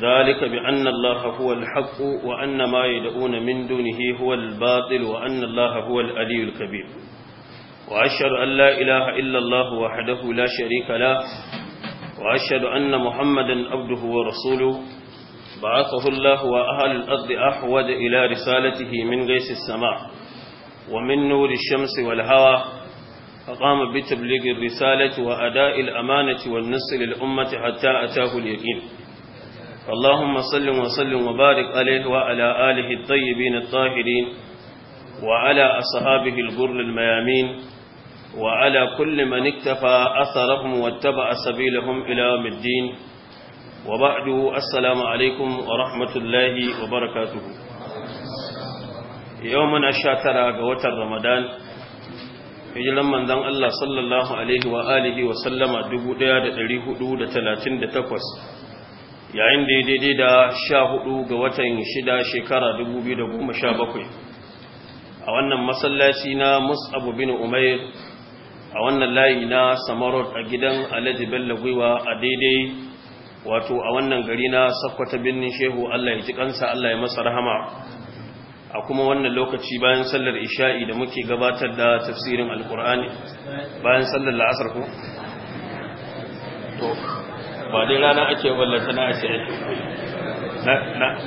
ذلك بأن الله هو الحق وأن ما يدعون من دونه هو الباطل وأن الله هو الألي الكبير وأشهد أن لا إله إلا الله وحده لا شريك له وأشهد أن محمدا عبده ورسوله بعثه الله وأهل الأرض أحود إلى رسالته من غيث السماء ومن نور الشمس والهوى فقام بتبليغ الرسالة وأداء الأمانة والنصر للأمة حتى أتاه اليقين اللهم صل وسلم وبارك عليه وعلى آله الطيبين الطاهرين وعلى أصحابه الغر الميامين وعلى كل من اكتفى أثرهم واتبع سبيلهم إلى يوم الدين وبعد السلام عليكم ورحمة الله وبركاته يومنا الشاترة قوة رمضان hijiran manzon Allah sallallahu alaihi wa alihi wa sallama 1438 yayin da daidai da sha hudu ga watan shida shekara dubu biyu da goma sha bakwai a wannan masallaci na musabu bin umair a wannan layi na samarot a gidan alhaji bello gwiwa a daidai wato a wannan gari na sakwata birnin shehu allah ya ji kansa allah ya masa rahama a kuma wannan lokaci bayan sallar isha'i da muke gabatar da tafsirin alkur'ani bayan sallar la'asar ku ba dai rana ake wallata na ashe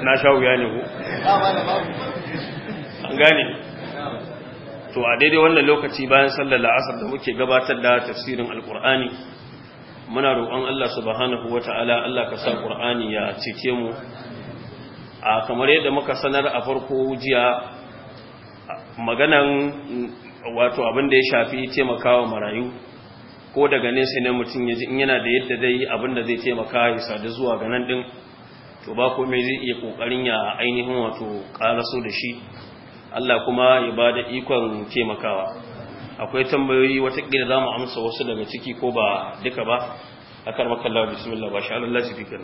na sha wuya ne ko an gane to a daidai wannan lokaci bayan sallar la'asar da muke gabatar da tafsirin alkur'ani muna roƙon Allah subhanahu wata'ala Allah ka sa ƙur'ani ya cike mu a kamar yadda muka sanar a farko jiya maganan wato abin da ya shafi taimakawa marayu ko daga nesa ne mutum ya ji in yana da yadda zai abin da zai taimaka ya sadu zuwa ga nan din to ba ko mai zai iya kokarin ya ainihin wato karaso da shi Allah kuma ya ba da ikon taimakawa akwai tambayoyi wata za mu amsa wasu daga ciki ko ba duka ba a karmakallawa bismillah ba Allah lasifi fikira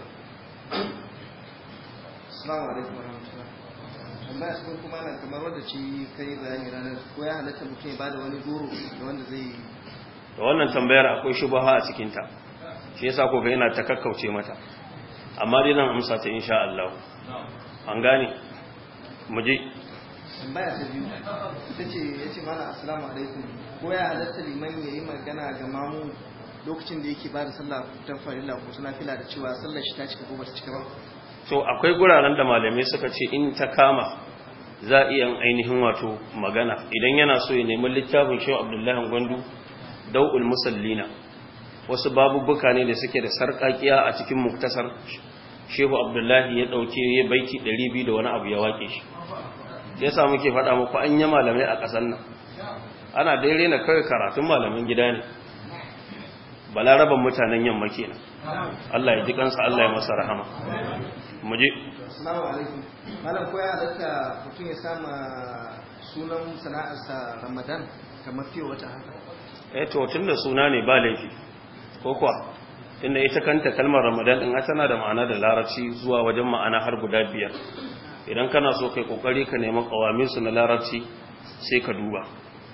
Assalamu alaikum warahmatullahi tambaya su kuma na kamar wadda ci kai bayani ranar ko ya halatta mutum ya bada wani goro da wanda zai da wannan tambayar akwai shubaha a cikinta shi yasa ko ga yana ta kakkauce mata amma dai zan amsa ta insha Allah an gane mu je tambaya ta biyu ta ce ya ce mana assalamu alaikum ko ya halatta liman ya yi magana ga mamu lokacin da yake ba da sallah ta farilla ko suna fila da cewa sallar shi ta cika ko ba ta cika ba to akwai guraren da malamai suka ce in ta kama za a iya ainihin wato magana idan yana so ya nemi littafin shehu abdullahi gwandu dau'ul musallina wasu babubuka ne da suke da sarƙaƙiya a cikin muktasar shehu abdullahi ya ɗauke ya baiki ɗari biyu da wani abu ya wake shi ya samu ke faɗa muku an yi malamai a ƙasar nan ana dai rena kawai karatun malamin gida ne balaraban mutanen yamma nan Allah ya ji kansa Allah ya masa rahama mu je malam ko ya halatta mutum ya sama sunan sana'arsa ramadan kamar fiye wata haka ya eh to da suna ne ba laifi ko kuwa inda ita kanta kalmar ramadan din tana da ma'ana da larabci zuwa wajen ma'ana har guda biyar idan kana so kai kokari ka nemi kawamin su na larabci sai ka duba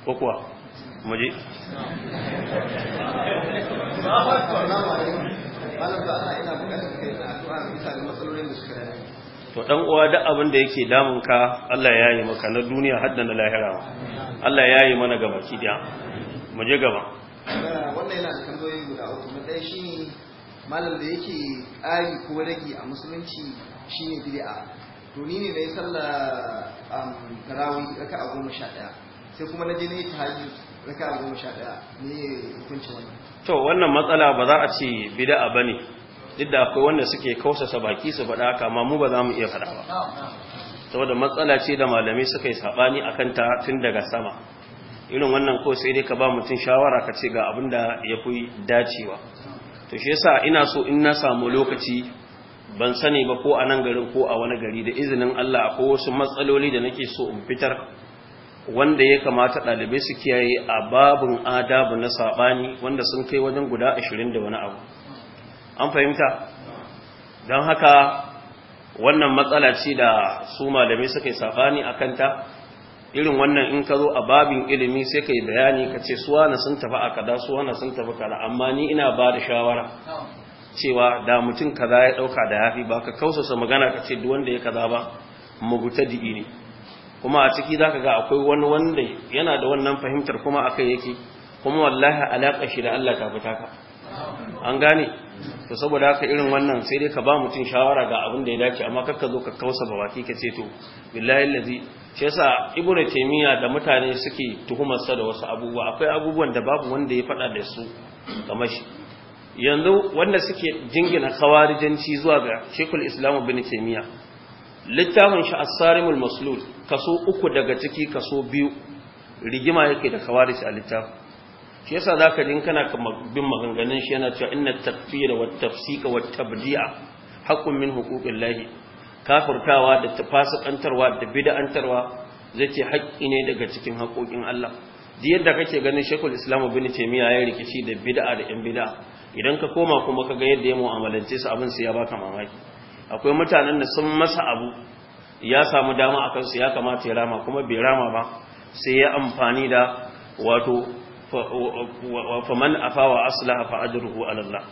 ko kuwa muje to dan uwa duk abin da yake damun ka Allah ya yi maka na duniya hadda na lahira Allah ya yi mana gabaki daya mu je gaba wannan yana da tambayoyi guda uku na ɗaya shine malam da yake ƙari ko rage a musulunci shi ne bid'a to ni ne nayi sallah um, raka a goma sha ɗaya sai kuma na je na yi raka a goma sha ɗaya ne hukuncin wannan to wannan matsala ba za a ce bid'a bane duk da akwai wanda suke kausasa baki su faɗa haka amma mu ba za mu iya faɗa ba saboda matsala ce da malamai suka yi saɓani a kanta tun daga sama irin wannan ko sai dai ka ba mutum shawara ka ce ga abin da ya fi dacewa to shi yasa ina so in na samu lokaci ban sani ba ko a nan garin ko a wani gari da izinin Allah akwai wasu matsaloli da nake so in fitar wanda ya kamata ɗalibai su kiyaye a babun adabu na saɓani wanda sun kai wajen guda ashirin da wani abu an fahimta don haka wannan matsala ce da su malamai suka yi saɓani a kanta irin wannan in ka zo a babin ilimi sai ka yi bayani ka ce suwa na sun tafi a kada na sun tafi kada amma ni ina ba da shawara cewa da mutum kaza ya ɗauka da yafi ba ka kausasa magana ka ce duk wanda ya kaza ba mugutadi'i ne kuma a ciki za ka ga akwai wani wanda yana da wannan fahimtar kuma akai yake kuma wallahi alaƙa shi da Allah ta fita ka an gane to saboda haka irin wannan sai dai ka ba mutum shawara ga abin da ya dace amma ka zo ka kausa ba baki ka ce to billahi lazi shi yasa ibnu taymiya da mutane suke tuhumar sa da wasu abubuwa akwai abubuwan da babu wanda ya faɗa da su kamar shi yanzu wanda suke jingina khawarijanci zuwa ga shekul islam ibnu taymiya littafin shi as-sarimul maslul kaso uku daga ciki kaso biyu rigima yake da khawarij a littafin shi yasa zaka din kana bin maganganun shi yana cewa inna takfir wa tafsika wa tabdi'a haqqun min huquqillahi kafurtawa da tafasikantarwa da bid'antarwa zai ce haƙƙi ne daga cikin haƙoƙin Allah ji yadda kake ganin shekul Islam Ibn Taymiyyah ya rikici da bid'a da yan bid'a idan ka koma kuma ka ga yadda ya mu'amalance su abin su ya baka mamaki akwai mutanen da sun masa abu ya samu dama akan su ya kamata ya rama kuma bai rama ba sai ya amfani da wato wa faman afa wa aslaha fa ajruhu ala Allah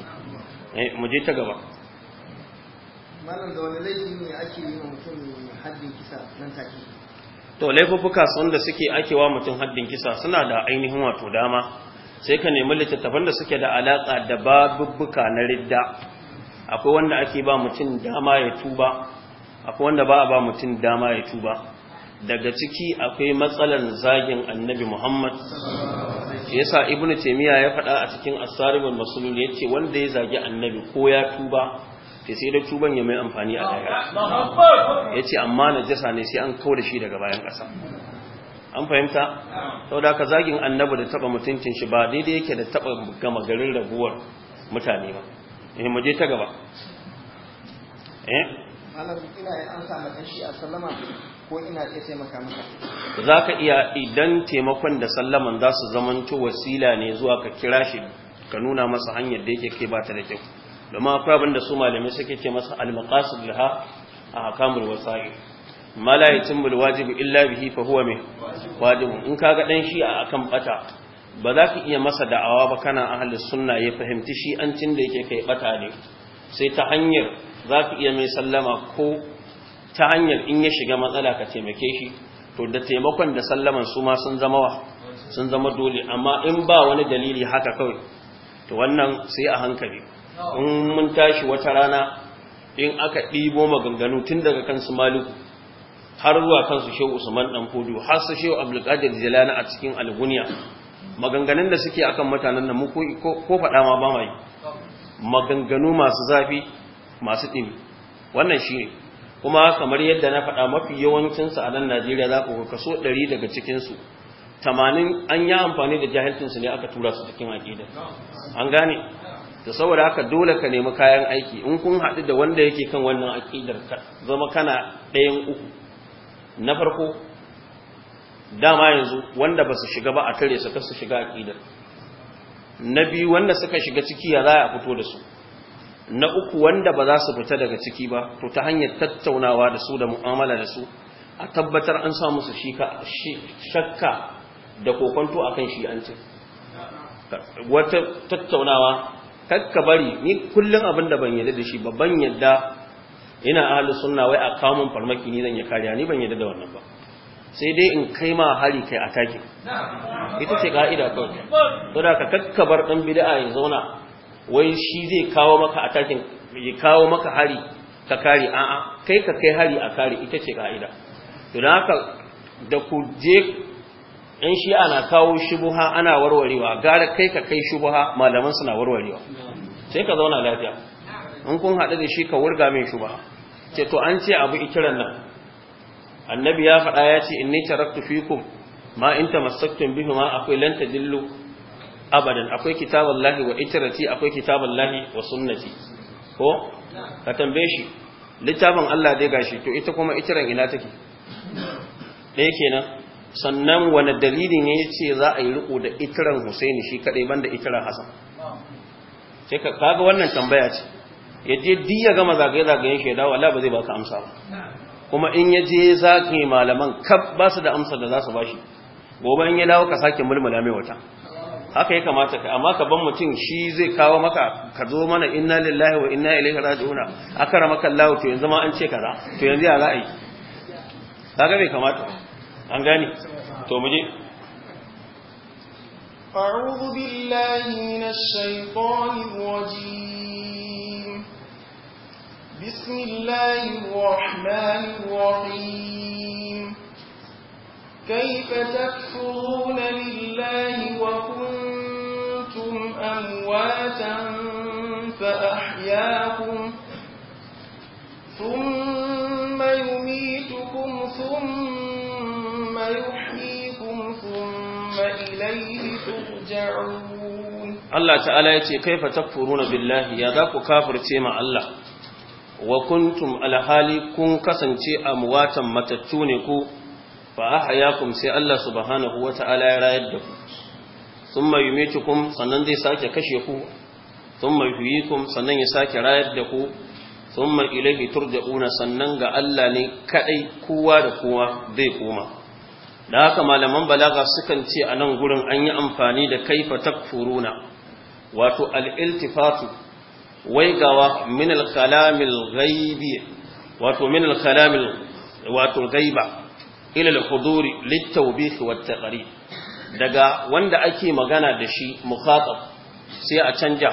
eh mu je ta gaba malam da wani laifi ne ake yi wa mutum haddin kisa nan take to laifuka sun da suke ake wa mutum haddin kisa suna da ainihin wato dama sai ka nemi littattafan da suke da alaka da babubbuka na ridda akwai wanda ake ba mutum dama ya tuba akwai wanda ba a ba mutum dama ya tuba daga ciki akwai matsalar zagin annabi Muhammad shi yasa ibnu taymiya ya faɗa a cikin as sarimul maslul yace wanda ya zagi annabi ko ya tuba sai sai da tuban ya mai amfani a lahira yace amma na najasa ne sai an kawo da shi daga bayan ƙasa an fahimta saboda ka zagin annabi da taba mutuncin shi ba daidai yake da taba gama garin raguwar mutane ba eh mu je ta gaba eh malam ina an sa maka shi assalamu alaikum ko ina iya taimaka maka za ka iya idan taimakon da sallaman za su to wasila ne zuwa ka kira shi ka nuna masa hanyar da yake kai ba ta da kyau domin akwai abin da su malamai suke ke masa almaqasid laha a hakamul wasa'i ma la wajibu illa bihi fa huwa min wajibu in kaga dan shi a akan bata ba za ka iya masa da'awa ba kana ahalin sunna ya fahimci shi an cin da yake kai bata ne sai ta hanyar za ka iya mai sallama ko ta hanyar in ya shiga matsala ka taimake shi to da taimakon da sallaman su ma sun zama wa sun zama dole amma in ba wani dalili haka kawai to wannan sai a hankali in mun tashi wata rana in aka ɗibo maganganu tun daga kansu maliku har zuwa kansu shehu usman dan fudu har su shehu abdulkadir jilani a cikin algunya maganganun da suke akan mutanen da mu ko fada ma ba mai maganganu masu zafi masu dimi wannan shine kuma kamar yadda na faɗa mafi yawancinsu a nan najeriya za ku ga kaso ɗari daga cikinsu tamanin an yi amfani da jahilcinsu ne aka tura su cikin aƙidar an gane da saboda haka dole ka nemi kayan aiki in kun haɗu da wanda yake kan wannan aƙidar ka zama kana ɗayan uku na farko dama yanzu wanda ba su shiga ba a tare su kar su shiga aƙidar na biyu wanda suka shiga ciki ya za a fito da su na uku wanda ba za su fita daga ciki ba to ta hanyar tattaunawa da su da mu'amala da su a tabbatar an sa musu shakka da kokonto akan shi an ce wata tattaunawa kakka bari ni kullum abin da ban yadda da shi babban yadda ina ahalin sunna wai a kamun farmaki ni zan ya kariya ni ban yadda da wannan ba sai dai in kai ma hari kai a take ita ce ka'ida kawai to da ka kakkabar dan bid'a ya zauna wai shi zai kawo maka atakin ya kawo maka hari ka kare a'a kai ka kai hari a kare ita ce ka'ida Tuna don haka da ku je in shi ana kawo shubuha ana warwarewa gara kai ka kai shubuha malaman suna warwarewa sai ka zauna lafiya in kun haɗu da shi ka wurga mai shubuha ce to an ce abu ikiran nan annabi ya faɗa ya ce in inni taraktu fikum ma in tamassaktum ma akwai lanta dillu. abadan akwai lahi wa itirati akwai lahi wa sunnati ko ka tambaye shi littafin Allah dai gashi to ita kuma itiran ina take ɗaya kenan sannan wani dalili ne ya ce za a yi riko da itiran Husaini shi kaɗai banda itiran Hassan sai ka kaga wannan tambaya ce ya je ya gama zagaye zagayen shi Allah ba zai baka amsa ba kuma in ya je zagaye malaman kaf ba su da amsa da za su bashi gobe in ya dawo ka sake mulmula mai wata haka ya kamata ka amma ka ban mutum shi zai kawo maka ka zo mana inna lillahi wa inna ilaihi raji'una akara maka Allah to yanzu ma an ce kaza to yanzu ya ra'ayi kaga bai kamata an gane to muje je a'udhu billahi minash shaitanir rajim bismillahir rahmanir rahim كيف تكفرون بالله وكنتم أمواتا فأحياكم ثم يميتكم ثم يحييكم ثم إليه ترجعون الله تعالى يتي كيف تكفرون بالله يا ذاك كافر تيمع الله وكنتم على حالي كن كسنتي أمواتا متتونكو فأحياكم سي الله سبحانه وتعالى يرايد دفو Sun thumma yumitukum sannan zai sake kashe ku Sun thumma yuhyikum sannan ya sake rayar da ku Sun thumma ilayhi turja'una sannan ga Allah ne kadai kowa da kowa zai koma da haka malaman balaga sukan ce a nan gurin an yi amfani da kaifa takfuruna wato al-iltifatu waigawa min al gaibi ghaibi wato min al-kalamil wato gaiba. ila al-huduri lit-tawbih wat-taqrir daga wanda ake magana da shi mukhatab sai a canja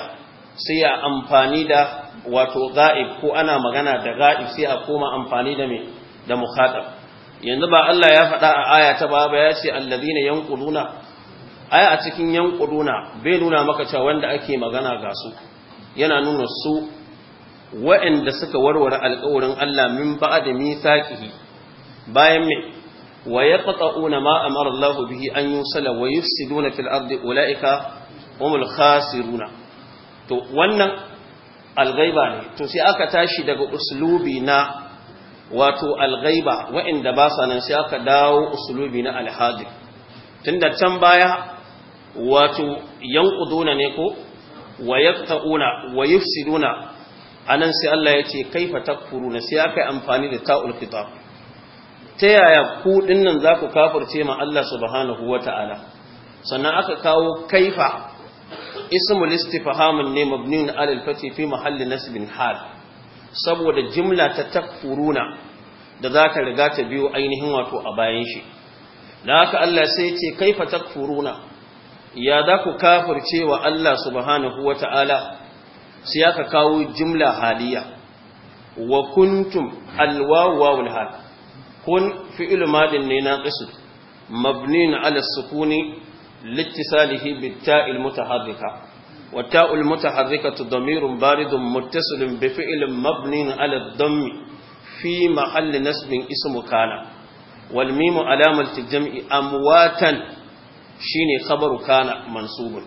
sai a amfani da wato ga'ib ko ana magana da ga'ib sai a koma amfani da me da mukhatab yanzu ba Allah ya faɗa a aya ta baba ya ce alladhina yanquluna aya a cikin yanquluna bai nuna maka cewa wanda ake magana ga su yana nuna su wa'anda suka warware alƙawarin Allah min bada da bayan mai wa yaqta'una ma amara Allah bihi an yusala wa yufsiduna fil ardi ulaika humul khasiruna to wannan alghaiba ne to sai aka tashi daga uslubi na wato alghaiba waɗanda ba sa nan sai aka dawo uslubi na alhadir tunda can baya wato yanquduna ne ko wa yaqta'una wa yufsiduna anan sai Allah ya ce kaifa takfuruna sai aka yi amfani da ta'ul khitab ta yaya ku dinnan za ku kafirce ma Allah subhanahu wa ta'ala sannan aka kawo kaifa ismul istifhamun ne mabniun alal fati fi mahalli nasibin hal saboda jimla ta takfuruna da za ka riga ta biyo ainihin wato a bayan shi da haka Allah sai ce kaifa takfuruna ya za ku kafirce wa Allah subhanahu wa ta'ala sai aka kawo jimla haliya wa kuntum alwawu kun fi'il madin ne na qism mabnin ala sukuni litisalihi bitta'il mutaharrika والتاء المتحركة ضمير بارد متصل بفعل مبني على الضم في محل نسب اسم كان والميم علامة الجمع أمواتا شيني خبر كان منصوب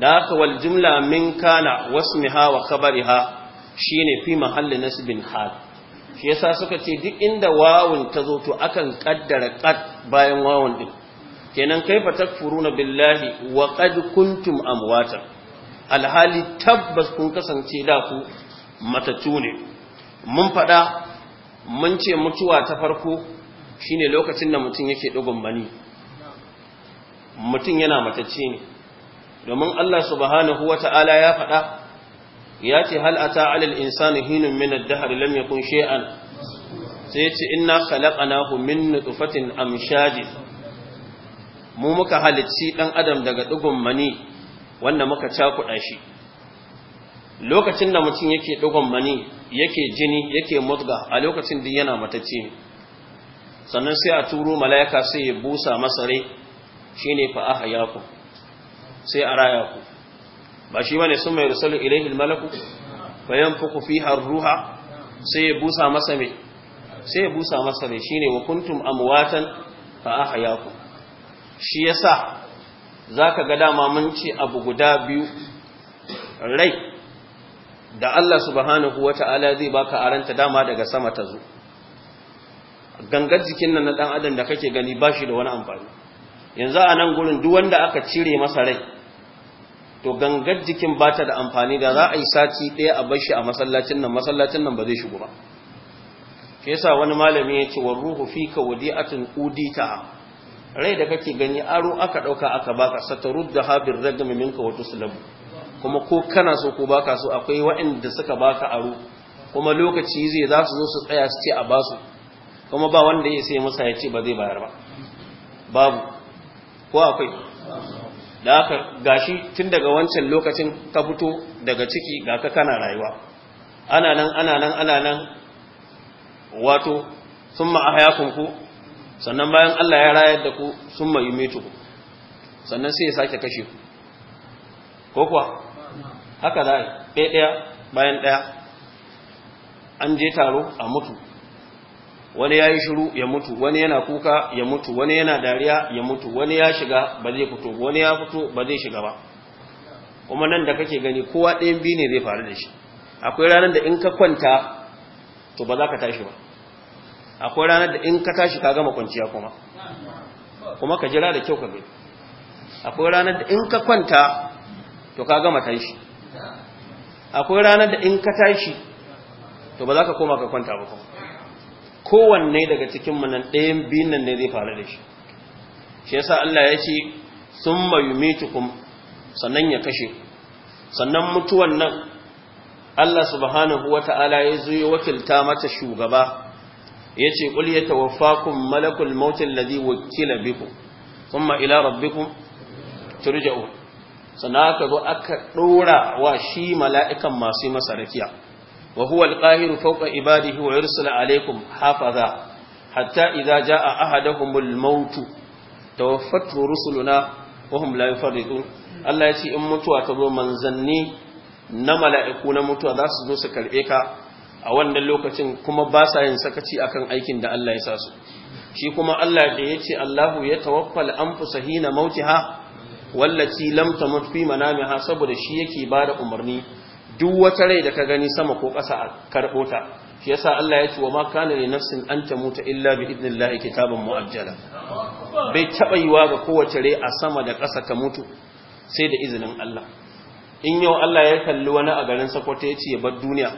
ذاك والجملة من كان واسمها وخبرها شيني في محل نسب حال shi yasa suka ce duk inda wawun ta zo to akan kaddara qad bayan wawun din kenan kaifa takfuruna billahi wa qad kuntum amwata alhali tabbas kun kasance da ku matatu ne mun fada mun ce mutuwa ta farko shine lokacin da mutum yake dugun bani mutum yana matacce ne domin Allah subhanahu wata'ala ya fada ya ce hal ata alal insani hinun min ad-dahr lam yakun shay'an sai ya ce inna khalaqnahu min nutfatin amshaj mu muka halicci ɗan adam daga dugun mani wanda muka cakuɗa shi lokacin da mutum yake dugun mani yake jini yake mutga a lokacin din yana matacce ne sannan sai a turo mala'ika sai ya busa masarai, rai sai a raya ku ba shi bane sun mai rusalu ilaihi malaku bayan fuku fiha ruha sai ya busa masa me sai ya busa masa ne shine wa kuntum amwatan fa shi yasa zaka ga dama mun ce abu guda biyu rai da Allah subhanahu wata'ala zai baka aranta dama daga sama ta zo gangar jikin nan na dan adam da kake gani bashi da wani amfani yanzu a nan gurin duk wanda aka cire masa rai to gangar jikin ba ta da amfani da za a yi sati ɗaya a bashi a masallacin nan masallacin nan ba zai shigo ba shi yasa wani malami ya ce war ruhu fika udi a rai da kake gani aro aka ɗauka aka baka satarudda habir ragami minka wa tuslamu kuma ko kana so ko baka so akwai waɗanda suka baka aro kuma lokaci zai za su zo su tsaya su ce a basu kuma ba wanda ya sai masa ya ce ba zai bayar ba babu ko akwai da aka gashi tun daga wancan lokacin ka fito daga ciki ga ka kana rayuwa ana nan ana nan ana nan wato sun ma'ahayakun ku sannan bayan Allah ya rayar da ku sun ma ku sannan sai ya sake kashe ku ko kuwa haka za a ɗaya bayan ɗaya an je taro a mutu wani ya yi shiru ya mutu wani yana kuka ya mutu wani yana dariya ya mutu wani ya shiga ba zai fito wani ya fito ba zai shiga ba kuma nan da kake gani kowa ɗayan biyu ne zai faru da shi akwai ranar da in ka kwanta to ba za ka tashi ba akwai ranar da in ka tashi ka gama kwanciya kuma kuma ka jira da kyau ka gani akwai ranar da in ka kwanta to ka gama tashi akwai ranar da in ka tashi to ba za ka koma ka kwanta ba kuma kowanne daga cikin manan ɗayan biyun nan ne zai faru da shi shi yasa Allah ya ce sun mayumitukum sannan ya kashe sannan mutuwan nan Allah subhanahu wata'ala ya zo ya wakilta mata shugaba ya ce ƙul ya tawaffakum malakul mautin ladhi wakila bikum thumma ila rabbikum turja'un sannan aka zo aka ɗora wa shi mala'ikan masu masarakiya. rakiya wa huwa al-qahiru fawqa ibadihi wa yursilu alaykum hafaza hatta idza jaa ahaduhumul maut tawaffatu rusuluna wa hum la yufarridun Allah ya ce in mutuwa ta zo manzanni na mala'iku na mutuwa za su zo su karɓe ka a wannan lokacin kuma ba sa yin sakaci akan aikin da Allah ya sa shi kuma Allah da ya ce Allahu ya tawaffal anfusa hina mautiha wallati lam tamut fi manamiha saboda shi yake bada umarni duk wata rai da ka gani sama ko ƙasa a karɓo ta shi yasa Allah ya ce wa ma kana li nafsin an tamuta illa bi idnillahi kitaban muajjala bai taba yiwa ga kowace rai a sama da ƙasa ta mutu sai da izinin Allah in yau Allah ya kalli wani a garin Sokoto ya ce ya bar duniya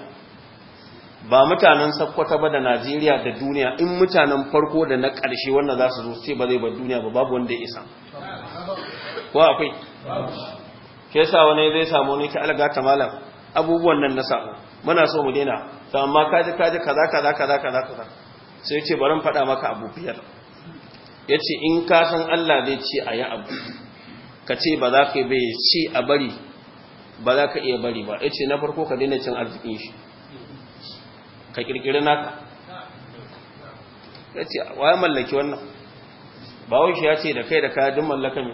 ba mutanen Sokoto ba da Najeriya da duniya in mutanen farko da na ƙarshe wanda za su zo sai ba zai bar duniya ba babu wanda ya isa ko akwai ke sa wani zai samu ne ka alga ta malam abubuwan nan na sabo muna so mu daina to amma kaje kaje kaza kaza kaza kaza kaza sai ya ce bari mu faɗa maka abu biyar ya ce in ka san Allah zai ce a yi abu ka ce ba za ka bai ci a bari ba za ka iya bari ba ya ce na farko ka daina cin arzikin shi ka kirkire naka ya ce wa ya mallaki wannan bawon shi ya ce da kai da ka duk mallaka ne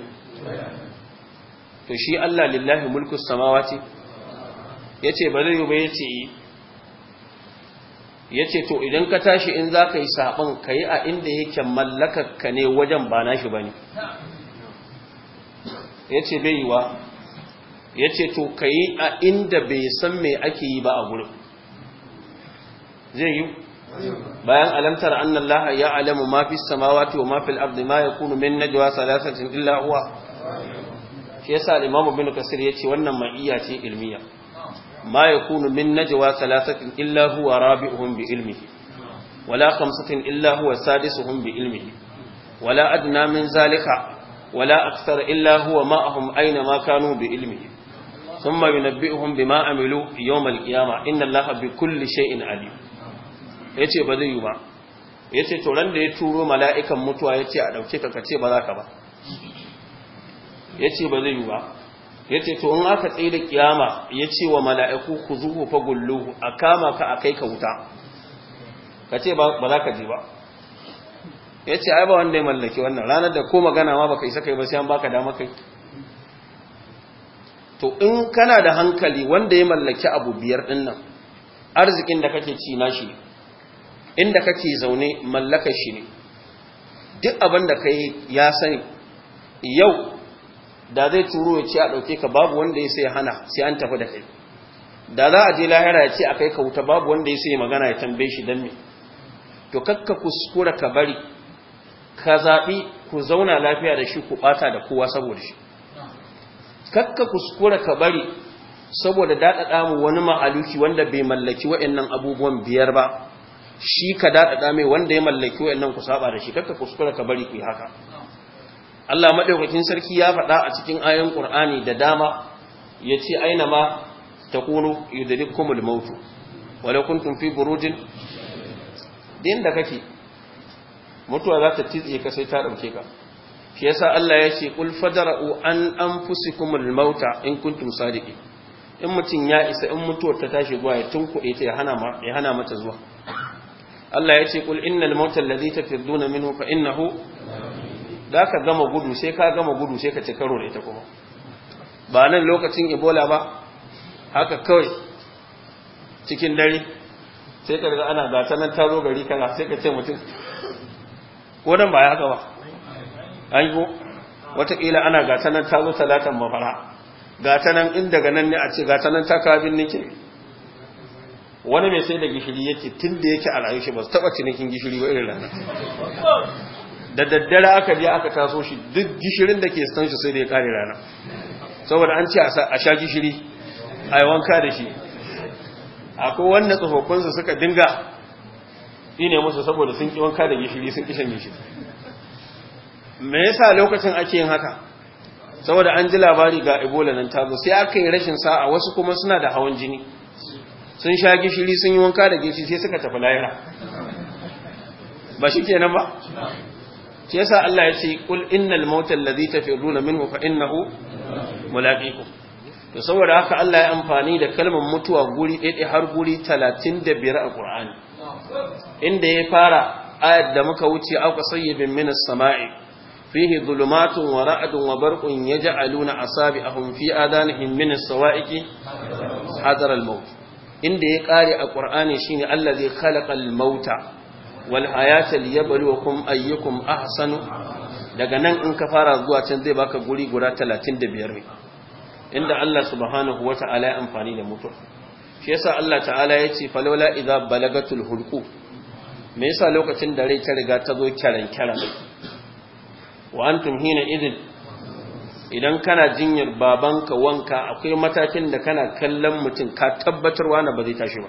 to shi Allah lillahi mulkus samawati ya ce ba zai yi ba ya ce yi ya ce to idan ka tashi in za ka yi saɓon ka yi a inda yake mallakarka ne wajen ba nashi ba ne ya ce bai yi wa ya ce to ka yi a inda bai san mai ake yi ba a gurin zai yi bayan alamtar annallaha ya alamu mafi samawati wa mafi al'abdi ma ya kunu min na jiwa salasatin illa uwa shi yasa limamu bin kasir ya ce wannan ma'iya ce ilmiya ma yakunu min najwa thalathatin illa huwa rabi'uhum bi ilmihi wala khamsatin illa huwa sadisuhum bi ilmihi wala adna min zalika ولا أكثر إلا هو معهم أينما كانوا بإلمه ثم ينبئهم بما عملوا يوم القيامة إن الله بكل شيء عليم yace ba zai yi ba yace to ran da ya turo mala'ikan mutuwa yace a dauke ka ce ba za ka ba yace ba zai yi ba yace to in aka tsaye da kiyama yace wa mala'iku khuzuhu a akama ka akai ka wuta kace ba ba za ka je ba yace ai ba wanda ya mallaki wannan ranar da ko magana ma baka isa kai ba sai an baka dama kai to in kana da hankali wanda ya mallaki abu biyar din nan arzikin da kake ci nashi ne inda kake zaune mallaka shi ne duk abin da kai ya sani yau da zai turo ya ce a ɗauke ka babu wanda ya sai hana sai an tafi da kai da za a je lahira ya ce a kai ka wuta babu wanda ya sai magana ya tambaye shi dan me to kakka kuskura ka bari ka zaɓi ku zauna lafiya da shi ku bata da kowa saboda shi kakka kuskura ka bari saboda daɗaɗa mu wani ma'aluki wanda bai mallaki wa'annan abubuwan biyar ba shi ka daɗaɗa mai wanda ya mallaki wa'annan ku saba da shi kakka kuskura ka bari ku yi haka Allah madaukakin sarki ya faɗa a cikin ayoyin Qur'ani da dama yace aina ma kuma yudrikumul mautu walau kuntum fi burujin din da kake mutuwa za ta tizi ka sai ta dauke ka shi yasa Allah ya ce qul fadra'u an anfusikumul mauta in kuntum sadiqin in mutum ya isa in mutuwar ta tashi zuwa ya tunkuɗe ta ya hana mata zuwa Allah ya ce kul innal mauta allazi tafiduna minhu fa innahu za ka gama gudu sai ka gama gudu sai ka ci karo da ita kuma ba nan lokacin ebola ba haka kawai cikin dare sai ka daga ana gata nan ta zo gari kana sai ka ce mutum ko nan ba ya haka ba an yi watakila ana gata nan ta zo talatan mafara gata nan in daga nan ne a ce gata nan ta kabin nike wani mai sai da gishiri yake tun da yake a rayu shi ba su taba cinikin gishiri ba irin rana. da daddare aka biya aka taso shi duk gishirin da ke san shi sai da ya kare rana saboda an ce a sha gishiri a yi wanka da shi akwai wanda tsofaffinsu suka dinga ne musu saboda sun ki wanka da gishiri sun kishan gishiri me yasa lokacin ake yin haka saboda an ji labari ga ebola nan ta zo sai aka yi rashin sa'a wasu kuma suna da hawan jini sun sha gishiri sun yi wanka da gishiri sai suka tafi layira ba shi kenan ba shi yasa Allah ya ce kul innal mauta alladhi tafirruna minhu fa innahu mulaqikum to saboda haka Allah ya amfani da kalmar mutuwa guri ɗaya har guri 35 a Qur'ani inda ya fara ayat da muka wuce auka sayyibin min as-sama'i fihi dhulumatun wa ra'dun wa barqun yaj'aluna asabi'ahum fi adanihim min as-sawa'iqi hadar al-maut inda ya kare a Qur'ani shine Allah khalaqa al-mauta wal hayata kum ayyukum ahsanu daga nan in ka fara zuwa can zai baka guri guda 35 ne inda Allah subhanahu wata'ala ya amfani da mutum shi yasa Allah ta'ala ya ce falawla idza balagatul hulqu me yasa lokacin da rai ta riga ta zo kyaran kyaran wa antum hina idin idan kana jinyar babanka wanka akwai matakin da kana kallon mutum ka tabbatarwa na ba zai tashi ba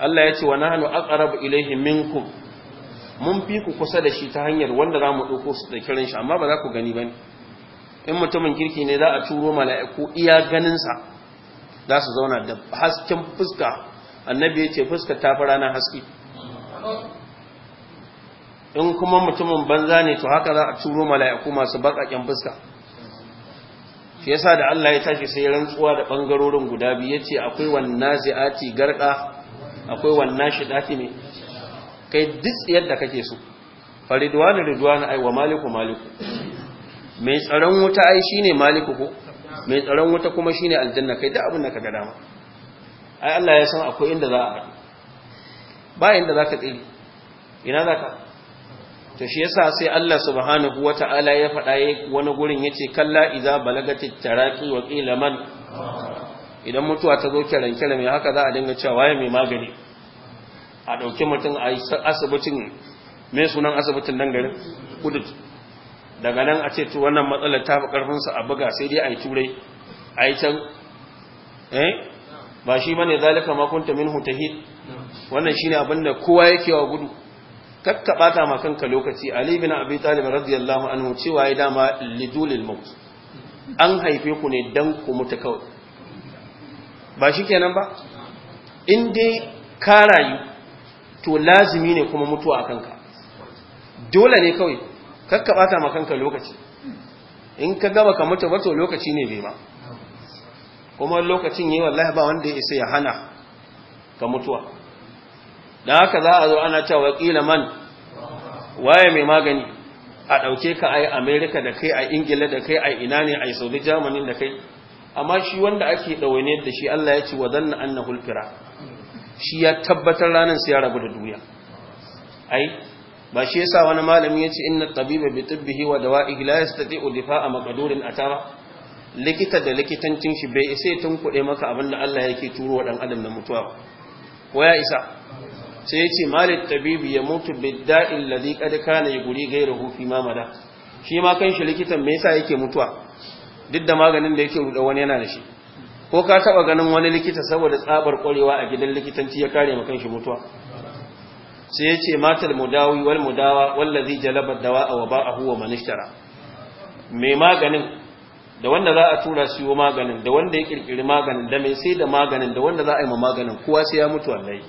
Allah ya ce wa nahnu aqrabu ilayhi minkum mun fi ku kusa da shi ta hanyar wanda za mu ɗauko su da kiran shi amma ba za ku gani ba ne? in mutumin kirki ne za a turo mala'iku iya ganinsa za su zauna da hasken fuska annabi ya ce fuska ta fara na haske in kuma mutumin banza ne to haka za a turo mala'iku masu baƙaƙen fuska shi yasa da Allah ya tashi sai rantsuwa da bangarorin guda biyu ya ce akwai naziati garɗa akwai wannan shi dafi ne kai duk yadda kake so faridwanu ridwanu ai wa maliku maliku mai tsaron wuta ai shine maliku ko mai tsaron wuta kuma shine aljanna kai duk abin da ka ga dama ai Allah ya san akwai inda za a ba inda za ka tsiri ina za ka to shi yasa sai Allah subhanahu wata'ala ya faɗa wani gurin yace kalla iza balagatit taraqi wa qila man idan mutuwa ta zo kiran kiran mai haka za a dinga cewa waye mai magani a ɗauki mutum a asibitin mai sunan asibitin nan garin kudut daga nan a ce to wannan matsalar ta fi ƙarfinsa a buga sai dai a yi turai a yi can eh ba shi bane zalika ma kunta minhu tahid wannan shine abin da kowa yake wa gudu kakka ɓata ma kanka lokaci ali bin abi talib radiyallahu anhu cewa ya dama lidulil maut an haife ku ne dan ku mutu kawai ba shi kenan ba in dai ka rayu to lazimi ne kuma mutuwa a kanka dole ne kawai kakka bata ma kanka lokaci in ka gaba ka mutu ba to lokaci ne bai ba kuma lokacin yi wallahi ba wanda ya isa ya hana ka mutuwa da haka za a zo ana cewa kila man waye mai magani a ɗauke ka a amerika da kai a ingila da kai a ina ne a yi saudi germany da kai amma shi wanda ake ɗawaine da shi Allah ya ce wa zanna annahul hulfira, shi ya tabbatar ranar sai ya rabu da duniya ai ba shi yasa wani malami ce inna tabiba bi tibbihi wa dawa'ihi la yastati'u difa'a maqdurin atama likita da likitancin shi bai isa tun kuɗe maka abin da Allah yake turo wa dan adam na mutuwa ko ya isa sai ya ce malik tabibi ya mutu bidda'in ladhi qad kana guri ghayruhu fi ma mada shi ma kan shi likitan me yasa yake mutuwa duk da maganin da yake da wani yana da shi ko ka taɓa ganin wani likita saboda tsabar ƙwarewa a gidan likitanci ya kare maka shi mutuwa sai ya ce matar mudawi wal mudawa wallazi jalabar dawa'a a ba'ahu a huwa manishtara mai maganin da wanda za a tura siyo maganin da wanda ya kirkiri maganin da mai sai da maganin da wanda za a yi ma maganin kowa sai ya mutu wallahi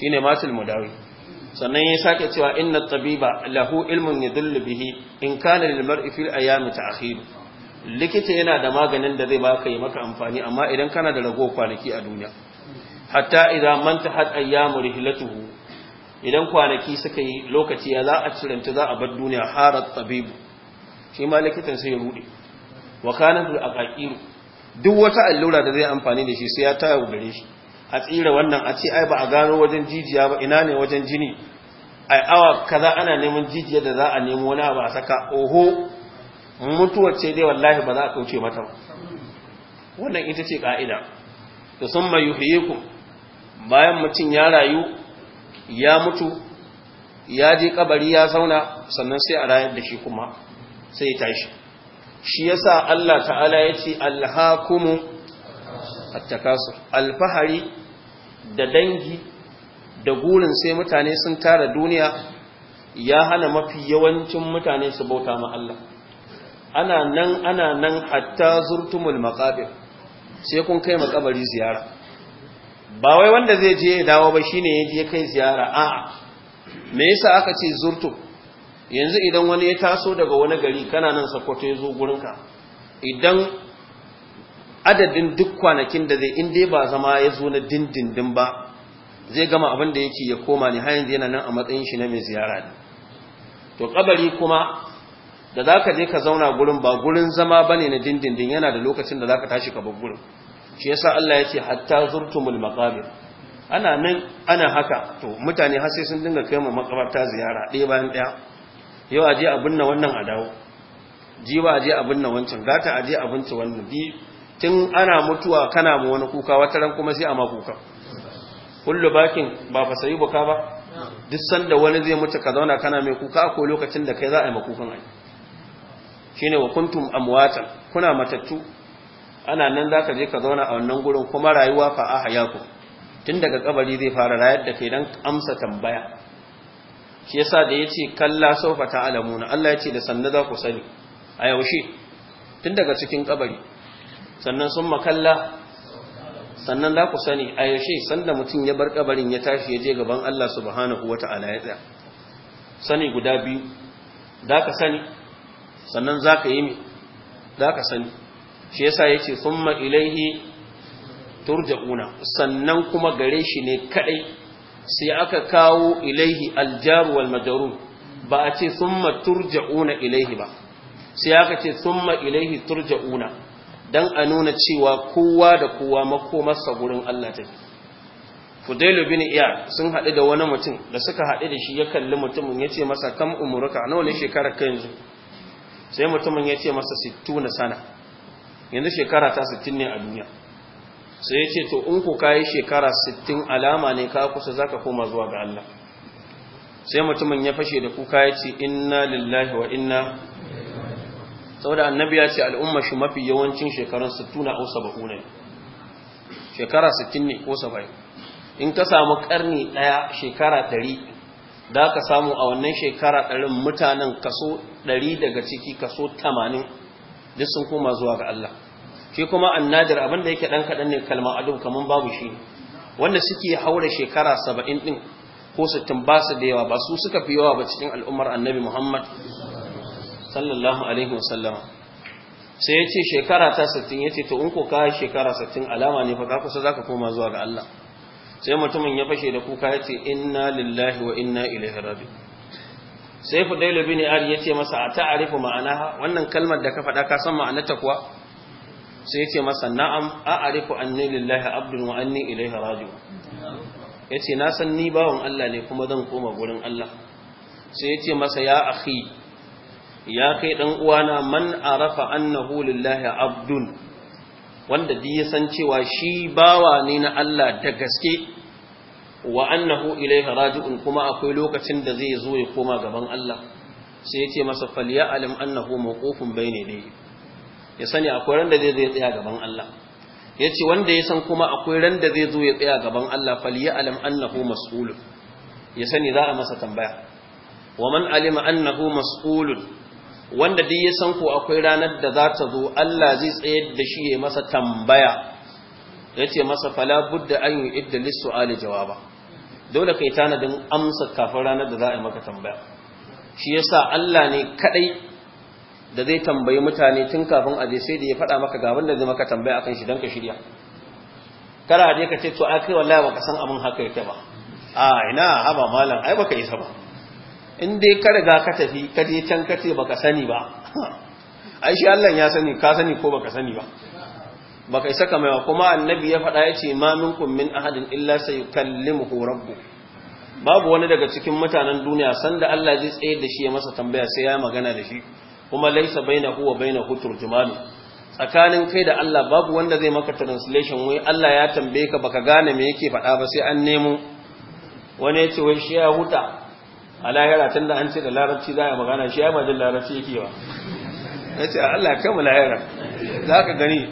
shine matar mudawi sannan ya sake cewa inna tabiba lahu ilmun yadullu bihi in kana lil mar'i fil ayami ta'khir likita yana da maganin da zai baka yi maka amfani amma idan kana da rago kwanaki a duniya hatta idan har had ayyamu rihlatuhu idan kwanaki suka yi lokaci ya za a ciranta za a bar duniya harat tabibu shi ma likitan sai ya rude wa kana bil aqaqir duk wata allura da zai amfani da shi sai ya tayo gare shi a tsira wannan a ce ai ba a gano wajen jijiya ba ina ne wajen jini ai awa kaza ana neman jijiya da za a nemo wani abu a saka oho mutuwar ce dai wallahi ba za a kauce mata wannan ita ce ka'ida to sun mai bayan mutum ya rayu ya mutu ya je kabari ya zauna sannan sai a rayar da shi kuma sai ya tashi shi yasa Allah ta'ala ya ce alhakumu at alfahari da dangi da gurin sai mutane sun tara duniya ya hana mafi yawancin mutane su bauta ma Allah ana nan ana nan hatta zurtumul maqabir sai kun kai makabari ziyara ba wai wanda zai je ya dawo ba shine ya je kai ziyara a'a me yasa aka ce zurtu yanzu idan wani ya taso daga wani gari kana nan sakwato ya zo gurinka idan adadin duk kwanakin da zai in dai ba zama ya zo na dindindin ba zai gama abin da yake ya koma ne har yanzu yana nan a matsayin shi na mai ziyara ne to kabari kuma da za ka je ka zauna gurin ba gurin zama ba ne na dindindin yana da lokacin da za ka tashi ka bar gurin shi yasa Allah ya ce hatta zurtumul maqabir ana nan ana haka to mutane har sai sun dinga kai mu makabarta ziyara ɗaya bayan ɗaya yau aje a nan wannan a dawo jiwa aje a nan wancan gata aje abinci wannan bi tun ana mutuwa kana mu wani kuka wata ran kuma sai a ma kuka kullu bakin ba fa sayi buka ba duk sanda wani zai mutu ka zauna kana mai kuka ko lokacin da kai za a yi makukan ai shine wa kuntum amwatan kuna matattu ana nan za ka je ka zauna a wannan gurin kuma rayuwa fa a hayaku tun daga kabari zai fara rayar da kai dan amsa tambaya shi yasa da yace kalla sawfa ta'lamuna Allah yace da sanna za ku sani a yaushe tun daga cikin kabari sannan sun makalla sannan za ku sani a yaushe sanda mutum ya bar kabarin ya tashi ya je gaban Allah subhanahu wa ta'ala ya tsaya sani guda biyu za ka sani sannan za ka yi mi za ka sani shi yasa ya ce sun ma'ilaihi turja'una sannan kuma gare shi ne kadai sai aka kawo ilaihi aljaru wal majaru ba a ce sun ma turja'una ilaihi ba sai aka ce sun ilaihi turja'una dan a nuna cewa kowa da kowa makomarsa gurin Allah take Fudailu bin Iya sun haɗu da wani mutum da suka haɗu da shi ya kalli mutumin ya ce masa kam umuruka nawa ne shekarar ka yanzu sai mutumin ya ce masa na sana yanzu shekara ta sittin ne a duniya sai ya ce to in ku kayi shekara sittin alama ne ka kusa zaka koma zuwa ga Allah sai mutumin ya fashe da kuka ya ce inna lillahi wa inna saboda annabi ya ce al'umma shi mafi yawancin shekarun 60 au 70 ne shekara 60 ne ko 70 in ka samu karni daya shekara 100 da ka samu a wannan shekara 100 mutanen kaso 100 daga ciki kaso 80 duk sun koma zuwa ga Allah shi kuma annadir abinda yake dan kadan ne kalma adum kaman babu shi wanda suke haura shekara 70 din ko 60 ba su da yawa ba su suka fi yawa ba cikin al'ummar annabi Muhammad sallallahu alaihi wasallama sai ya ce shekara ta sittin ya ce to in ko ka shekara sittin alama ne fa ka kusa ka koma zuwa ga Allah sai mutumin ya fashe da kuka ya ce inna lillahi wa inna ilaihi raji'un sai fudailu bin ari ya ce masa a ta'arifu ma'anaha wannan kalmar da ka faɗa ka san ma'anarta kuwa sai ya ce masa na'am a'arifu anni lillahi abdun wa anni ilaihi raji'un ya ce na san ni bawan Allah ne kuma zan koma gurin Allah sai ya ce masa ya akhi ya kai dan uwana man arafa annahu lillahi abdun wanda duk ya san cewa shi bawa ne na Allah da gaske wa annahu ilaihi raji'un kuma akwai lokacin da zai zo ya koma gaban Allah sai yace masa falyalim annahu mawqufun bayne ne ya sani akwai ran da zai zo ya tsaya gaban Allah yace wanda ya san kuma akwai ran da zai zo ya tsaya gaban Allah falyalim annahu mas'ulun ya sani za a masa tambaya wa man alima annahu mas'ulun wanda duk ya san ko akwai ranar da za ta zo Allah zai tsayar da shi ya masa tambaya ya ce masa fala budda an yi idda Ali jawaba dole kai tanadin amsa kafin ranar da za a maka tambaya shi yasa Allah ne kaɗai da zai tambayi mutane tun kafin a je sai da ya faɗa maka gaban da zai maka tambaya akan shi don ka shirya kada a je ka ce to a kai wallahi ka san abin haka ya ba a ina haba malam ai baka isa ba in dai ka riga ka tafi ka je can ka ce baka sani ba ai shi Allah ya sani ka sani ko baka sani ba baka isa kamar kuma annabi ya faɗa ya ce ma minkum min ahadin illa sayukallimuhu rabbu babu wani daga cikin mutanen duniya sanda Allah zai tsaye da shi ya masa tambaya sai ya magana da shi kuma laisa bainahu baina bainahu turjumanu tsakanin kai da Allah babu wanda zai maka translation wai Allah ya tambaye ka baka gane me yake faɗa ba sai an nemo wani ya ce wai shi ya huta a lahira tun da an ce da larabci za a magana shi ya majin larabci yake ba ya ce Allah kama layara. za ka gani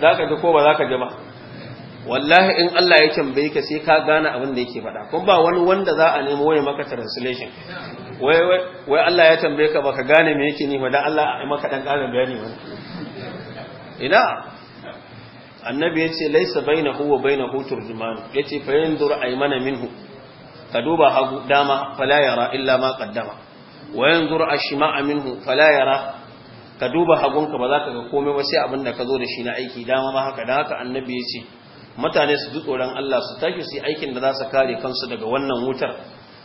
za ka ji ko ba za ka ji ba wallahi in Allah ya tambaye ka sai ka gane abin da yake faɗa kuma ba wani wanda za a nemo ya maka translation wai wai Allah ya tambaye ka baka gane me yake nema? ba dan Allah ya maka dan ƙarin bayani wani ina annabi ya yace laysa bainahu wa bainahu turjuman yace fa yanzur aymana minhu ka duba hagu dama fala yara illa ma qaddama wa yanzur ashma'a minhu fala yara ka duba hagunka ba za ka ga komai ba sai abin da ka zo da shi na aiki dama ba haka da haka annabi ya ce mutane su ji tsoron Allah su tashi su yi aikin da za su kare kansu daga wannan wutar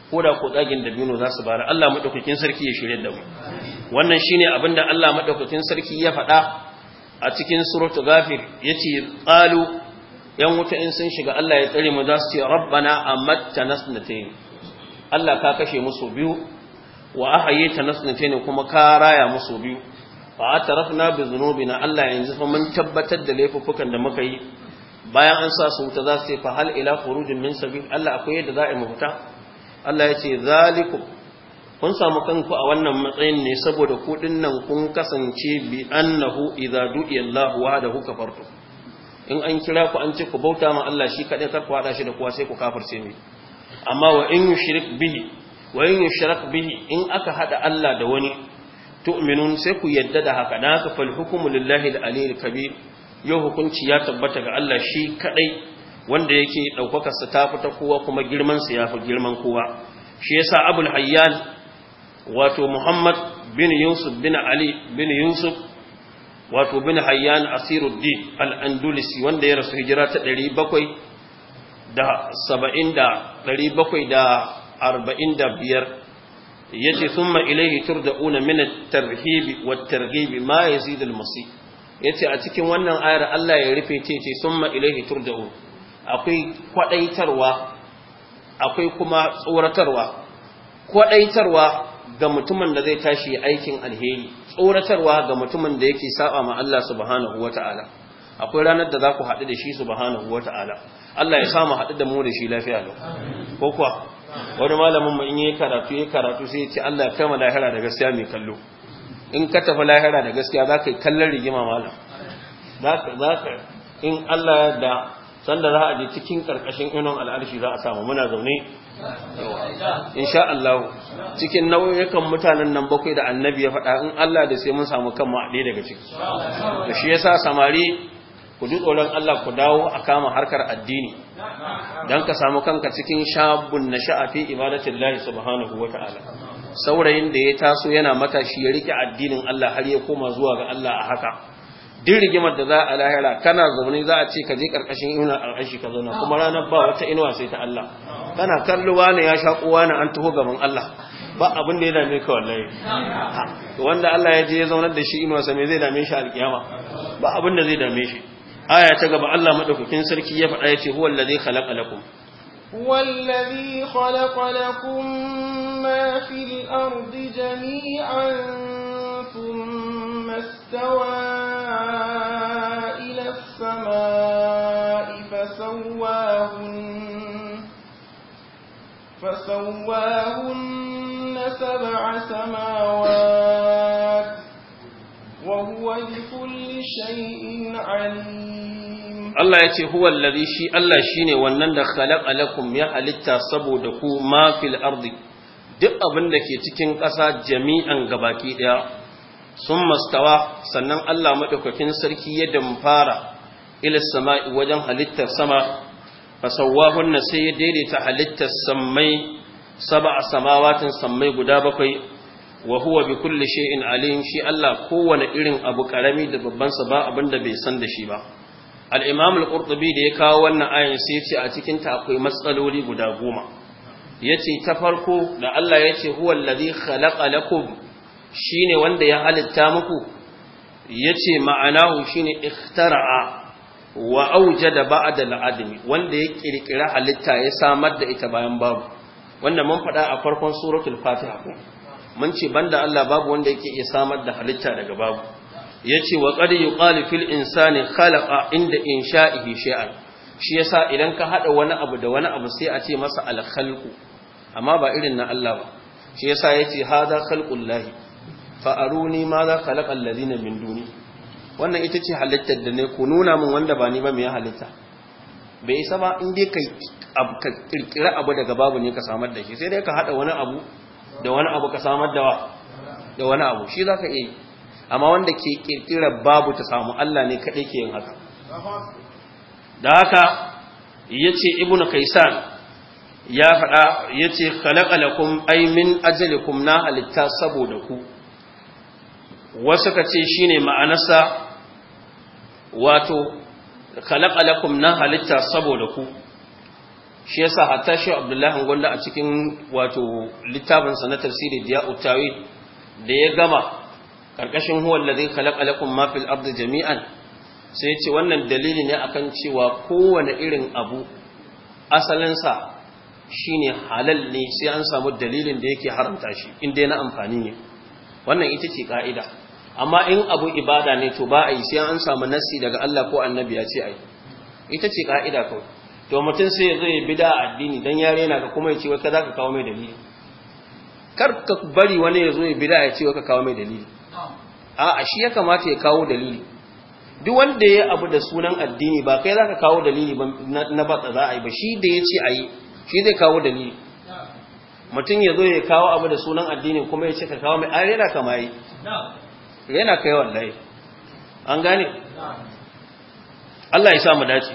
ko da ko tsagin dabino za su bara Allah madaukakin sarki ya shirye da mu wannan shine abinda da Allah madaukakin sarki ya faɗa a cikin suratul ghafir yace qalu yan wuta in sun shiga Allah ya tsare mu za su ce rabbana amatta nasnatayn Allah ka kashe musu biyu wa ahayta nasnatayn kuma ka raya musu biyu fa atarafna bi dhunubina Allah yanzu fa mun tabbatar da laifukan da muka yi bayan an sa su wuta za su ce fa hal ila khurujin min sabil Allah akwai yadda za a yi mu fita Allah ya ce zaliku. kun samu kanku a wannan matsayin ne saboda kudin nan kun kasance bi annahu idza du'iya Allah wahdahu kafartum in an kira ku an ce ku bauta ma Allah shi kaɗai kar ku haɗa shi da kowa sai ku kafirce mai amma wa in yushrik bihi wa in yushrak bihi in aka haɗa Allah da wani tu'minun sai ku yadda da haka Na haka fal hukmu lillahi al-aliyyil kabir yau hukunci ya tabbata ga Allah shi kaɗai wanda yake ɗaukakarsa ta fita kowa kuma girmansa ya fi girman kowa shi yasa abul hayyan wato muhammad bin yusuf bin ali bin yusuf wato bin hayyan asiruddin al-andalusi wanda ya rasu hijira ta 700 da 70 da 745 yace thumma ilayhi turda'una min at-tarhib wat-targhib ma yazid al masi, yace a cikin wannan ayar Allah ya rufe ce ce thumma da turda'un akwai kwadaitarwa akwai kuma tsoratarwa kwadaitarwa ga mutumin da zai tashi aikin alheri tsoratarwa ga mutumin da yake saba ma Allah subhanahu wata'ala akwai ranar da za ku haɗu da shi subhanahu wata'ala Allah ya samu haɗu da mu da shi lafiya lau ko kuwa wani malamin mu in yi karatu ya karatu sai ya ce Allah ya kama lahira da gaskiya mai kallo in ka tafi lahira da gaskiya za ka yi kallon rigima malam za ka in Allah da sanda za a je cikin karkashin inon al'arshi za a samu muna zaune insha Allah cikin nau'ikan mutanen nan bakwai da annabi ya faɗa in Allah da sai mun samu kanmu a ɗaya daga ciki da shi yasa samari ku ji tsoron Allah ku dawo a kama harkar addini don ka samu kanka cikin shabun na sha'afi ibadatin lahi subhanahu wa saurayin da ya taso yana matashi ya rike addinin Allah har ya koma zuwa ga Allah a haka duk rigimar da za a lahira kana zaune za a ce ka je karkashin inuwar al'ashi ka zauna kuma ranar ba wata inuwa sai ta Allah kana kalluwa ne ya sha kowa ne an taho gaban Allah ba abin da ya dame ka wallahi wanda Allah ya je ya zaunar da shi inuwa sa me zai dame shi alkiyama ba abin da zai dame shi aya ta gaba Allah madaukakin sarki ya faɗa ya ce huwal ladzi khalaqa lakum والذي خلق لكم ما في الأرض جميعا ثم استوى فسواهن فسواهن سبع سماوات وهو بكل شيء عليم الله يتي هو الذي شي الله شيني wannan da khalaqa lakum ya halitta saboda ku ma fil ardi duk abin da ke cikin ƙasa jami'an gabaki daya sun mastawa sannan Allah maɗaukakin sarki ya damfara ila sama'i wajen halittar sama fasawwahunna sai ya daidaita halittar sammai sab'a samawatin sammai guda bakwai wa huwa bi kulli shay'in alim shi Allah kowane irin abu ƙarami da babban sa abin da bai san da shi ba al-imam al da ya kawo wannan ayin sai ce a cikin ta akwai matsaloli guda goma ce ta farko da Allah yace huwa lazi khalaqa lakum ne wanda ya halitta muku yace ma'anahu shine ikhtara'a wa aujada da al'adami wanda ya kirkira halitta ya samar da ita bayan babu wanda mun faɗa a farkon suratul fatiha ko mun ce banda Allah babu wanda yake iya samar da halitta daga babu yace wa qad yuqalu fil insani khalaqa inda insha'ihi shay'an shi yasa idan ka hada wani abu da wani abu sai a ce masa al khalqu amma ba irin na Allah ba shi yasa yace hadha khalqul lahi fa aruni ma za khalaqa alladhina min dunihi wannan ita ce halittar da ne ku nuna min wanda ba ni ba mai halitta bai isa ba in dai ka kirkira abu daga babu ne ka samar da shi sai dai ka hada wani abu da wani abu ka samar da wa da wani abu shi zaka yi amma wanda ke kirkira babu ta samu Allah ne kadai ke yin haka da haka yace ibnu kaisan ya faɗa yace khalaqalakum ay min ajalikum na halitta saboda ku wasu ka ce shi ne ma'anarsa wato khalaqa na halitta saboda ku shi ya yasa hatta shi Abdullahi gwanda a cikin wato littafin "Sanatar na tafsiri Diya'ut utawi da ya gama ƙarƙashin huwa allazi khalaqa mafil mafi fil jami'an sai ce wannan dalili ne akan cewa kowane irin abu asalinsa shi ne halal ne sai an samu dalilin da yake haramta shi in dai na amfani ne wannan ita ce ka'ida amma in abu ibada ne to ba a yi sai an samu nasi daga Allah ko annabi ya ce ai ita ce ka'ida kawai to mutum sai ya zo ya bida addini dan ya rena ka kuma ya ce wai ka za ka kawo mai dalili kar ka bari wani ya zo ya bida ya ce wai ka kawo mai dalili a'a shi ya kamata ya kawo dalili duk wanda ya abu da sunan addini ba kai za ka kawo dalili ba na ba za a yi ba shi da ya ce ayi, shi zai kawo dalili mutum ya zo ya kawo abu da sunan addini kuma ya ce ka kawo mai arera kama yi yana kai wallahi an gane Allah ya sa mu dace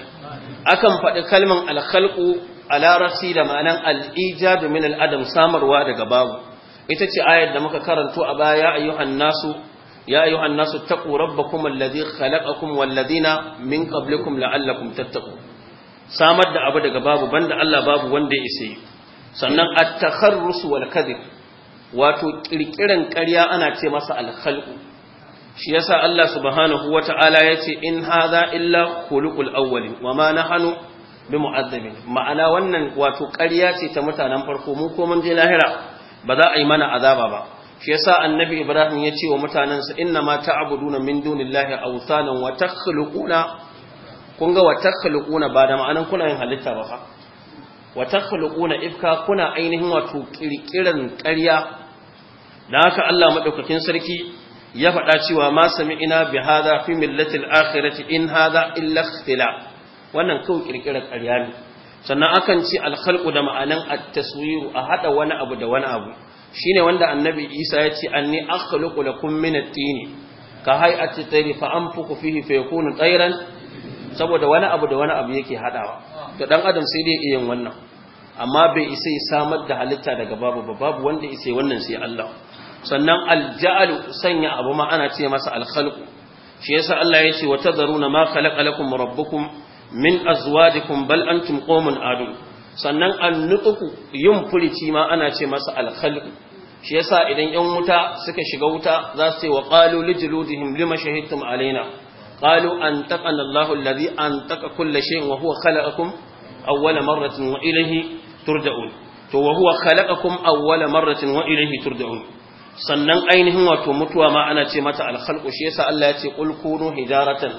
akan faɗi kalman alkhalqu a larabci da ma'anan al'ijadu min al'adam samarwa daga babu ita ce ayar da muka karanto a baya ayyuhan nasu ya ayyuhan nasu taqu rabbakum alladhi khalaqakum walladhina min qablikum la'allakum tattaqun samar da abu daga babu banda Allah babu wanda ya isa sannan at-takharrus wal kadhib wato kirkiran ƙarya ana ce masa al-khalqu shi yasa Allah subhanahu wata'ala yace in hadha illa khuluqul awwalin wa ma nahnu bimu'azzabin ma'ana wannan wato ƙarya ce ta mutanen farko mu ko mun je lahira ba za a yi mana azaba ba shi yasa annabi Ibrahim ya ce wa mutanen sa inna ma ta'buduna min dunillahi awsanan wa takhluquna kun ga wa takhluquna ba da ma'anan kuna yin halitta ba fa wa takhluquna ifka kuna ainihin wato kirkiran ƙarya da haka Allah madaukakin sarki ya faɗa cewa ma ina bi hadha fi millatil akhirati in hadha illa ikhtila wannan kawai kirkirar ƙarya ne sannan akan ce alkhalqu da ma'anan at-taswir a hada wani abu da wani abu shine wanda annabi Isa ya ce anni akhluqu lakum min at-tin ka hay'ati tayri fa anfuku fihi fa yakunu tayran saboda wani abu da wani abu yake hadawa to dan adam sai dai yin wannan amma bai isa ya samar da halitta daga babu babu wanda isa wannan sai Allah sannan alja'alu sanya abu ma ana ce masa alkhalqu shi yasa Allah ya ce wa tadharuna ma khalaqa lakum rabbukum min azwajikum bal antum qawmun adun sannan annutuku yin furici ma ana ce masa alkhalqu shi yasa idan yan wuta suka shiga wuta za su ce wa qalu lijludihim lima shahidtum alaina qalu antaqana Allahu alladhi antaqa kull shay'in wa huwa khalaqakum awwala marratin wa ilayhi turja'un to wa huwa khalaqakum awwala marratin wa ilayhi turja'un sannan ainihin wato mutuwa ma ana ce mata alkhalqu shi yasa Allah ya ce qul kunu hijaratan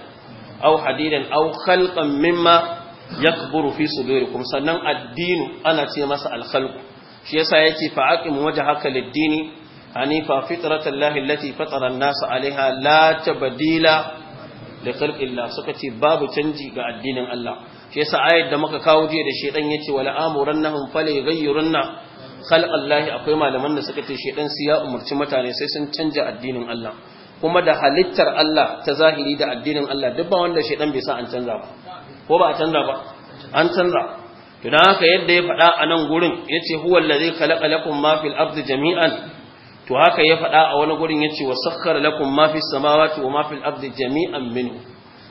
aw hadidan aw khalqan mimma yakburu fi sudurikum sannan addinu ana ce masa alkhalqu shi yasa yace fa aqim wajhaka lid-dini hanifa fitratan lahi allati fatara an-nasa 'alayha la tabdila li khalqillah suka ce babu canji ga addinin Allah shi yasa ayat da muka kawo jiya da shedan yace wala amurannahum fala yughayyirunna khalqallahi akwai malaman da suka ce shedan su ya umurci mutane sai sun canja addinin Allah kuma da halittar Allah ta zahiri da addinin Allah duk ba wanda shedan bai sa an canza ba ko ba a canza ba an canza to dan haka yadda ya faɗa a nan gurin yace huwa allazi khalaqa lakum ma fil ardi jami'an to haka ya faɗa a wani gurin yace wa sakhkhara lakum ma fis samawati wa ma fil ardi jami'an minhu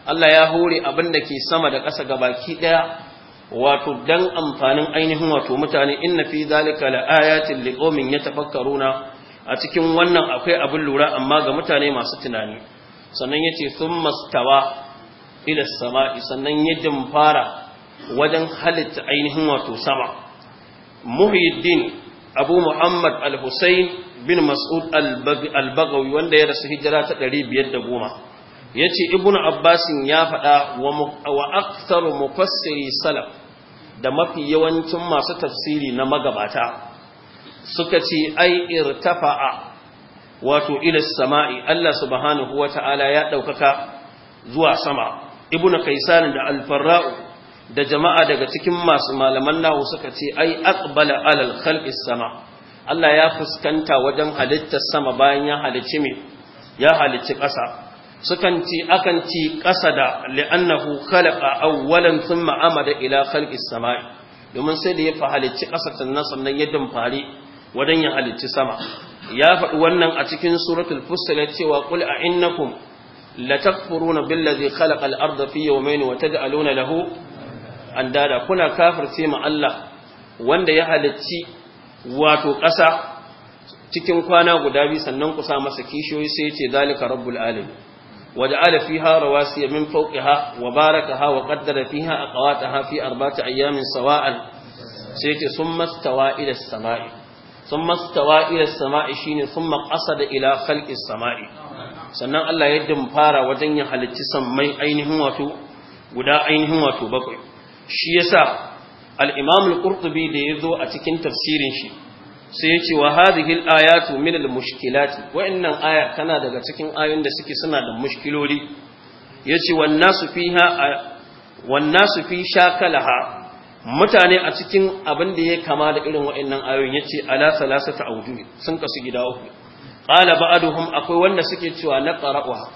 Allah ya hore abin da ke sama da ƙasa gabaki ɗaya wato dan amfanin ainihin wato mutane inna fi zalika laayatin liqaumin yatafakkaruna a cikin wannan akwai abin lura amma ga mutane masu tunani sannan yace thumma stawa ila samai sannan ya fara wajen halitta ainihin wato sama muhyiddin abu muhammad al-husayn bin mas'ud al-bagawi wanda ya rasu hijira ta 510 yace ibnu abbasin ya faɗa wa aksar mufassiri salaf da mafi yawancin masu tafsiri na magabata suka ce ai irtafa'a wato ila sama'i Allah subhanahu ta'ala ya ɗaukaka zuwa sama ibnu kaisan da al da jama'a daga cikin masu malaman nahu suka ce ai aqbala alal khalqi sama Allah ya fuskanta wajen halittar sama bayan ya halicci me ya halicci ƙasa sukan ci akan ci ƙasa da li'annahu khalaqa awwalan thumma amada ila khalqis samai domin sai da ya fahalicci ƙasa sannan sannan ya dumfari wadan ya halicci sama ya faɗi wannan a cikin suratul fussilat cewa qul a innakum latakfuruna billazi khalaqal arda fi yawmayn wa taj'aluna lahu andada kuna kafirce ma Allah wanda ya halicci wato ƙasa cikin kwana guda biyu sannan ku sa masa kishiyoyi sai ya ce zalika rabbul alamin وجعل فيها رواسي من فوقها وباركها وقدر فيها أقواتها في أربعة أيام سواء سيتي ثم استوى إلى السماء ثم استوى إلى السماء شين ثم قصد إلى خلق السماء sannan Allah ya dimfara wajen ya halicci sammai ainihin wato guda ainihin wato bakwai shi yasa al-Imam al-Qurtubi da yazo a cikin tafsirin shi sai ya ce wa hadihil ayatu min al-mushkilati wa'annan aya tana daga cikin ayoyin da suke suna da mushkiloli yace wan nasu fiha wan nasu fi shakalaha mutane a cikin abin da ya kama da irin wa'annan ayoyin yace ala salasata awjuh sun kasu gida uku qala ba'aduhum akwai wanda suke cewa na qara'uha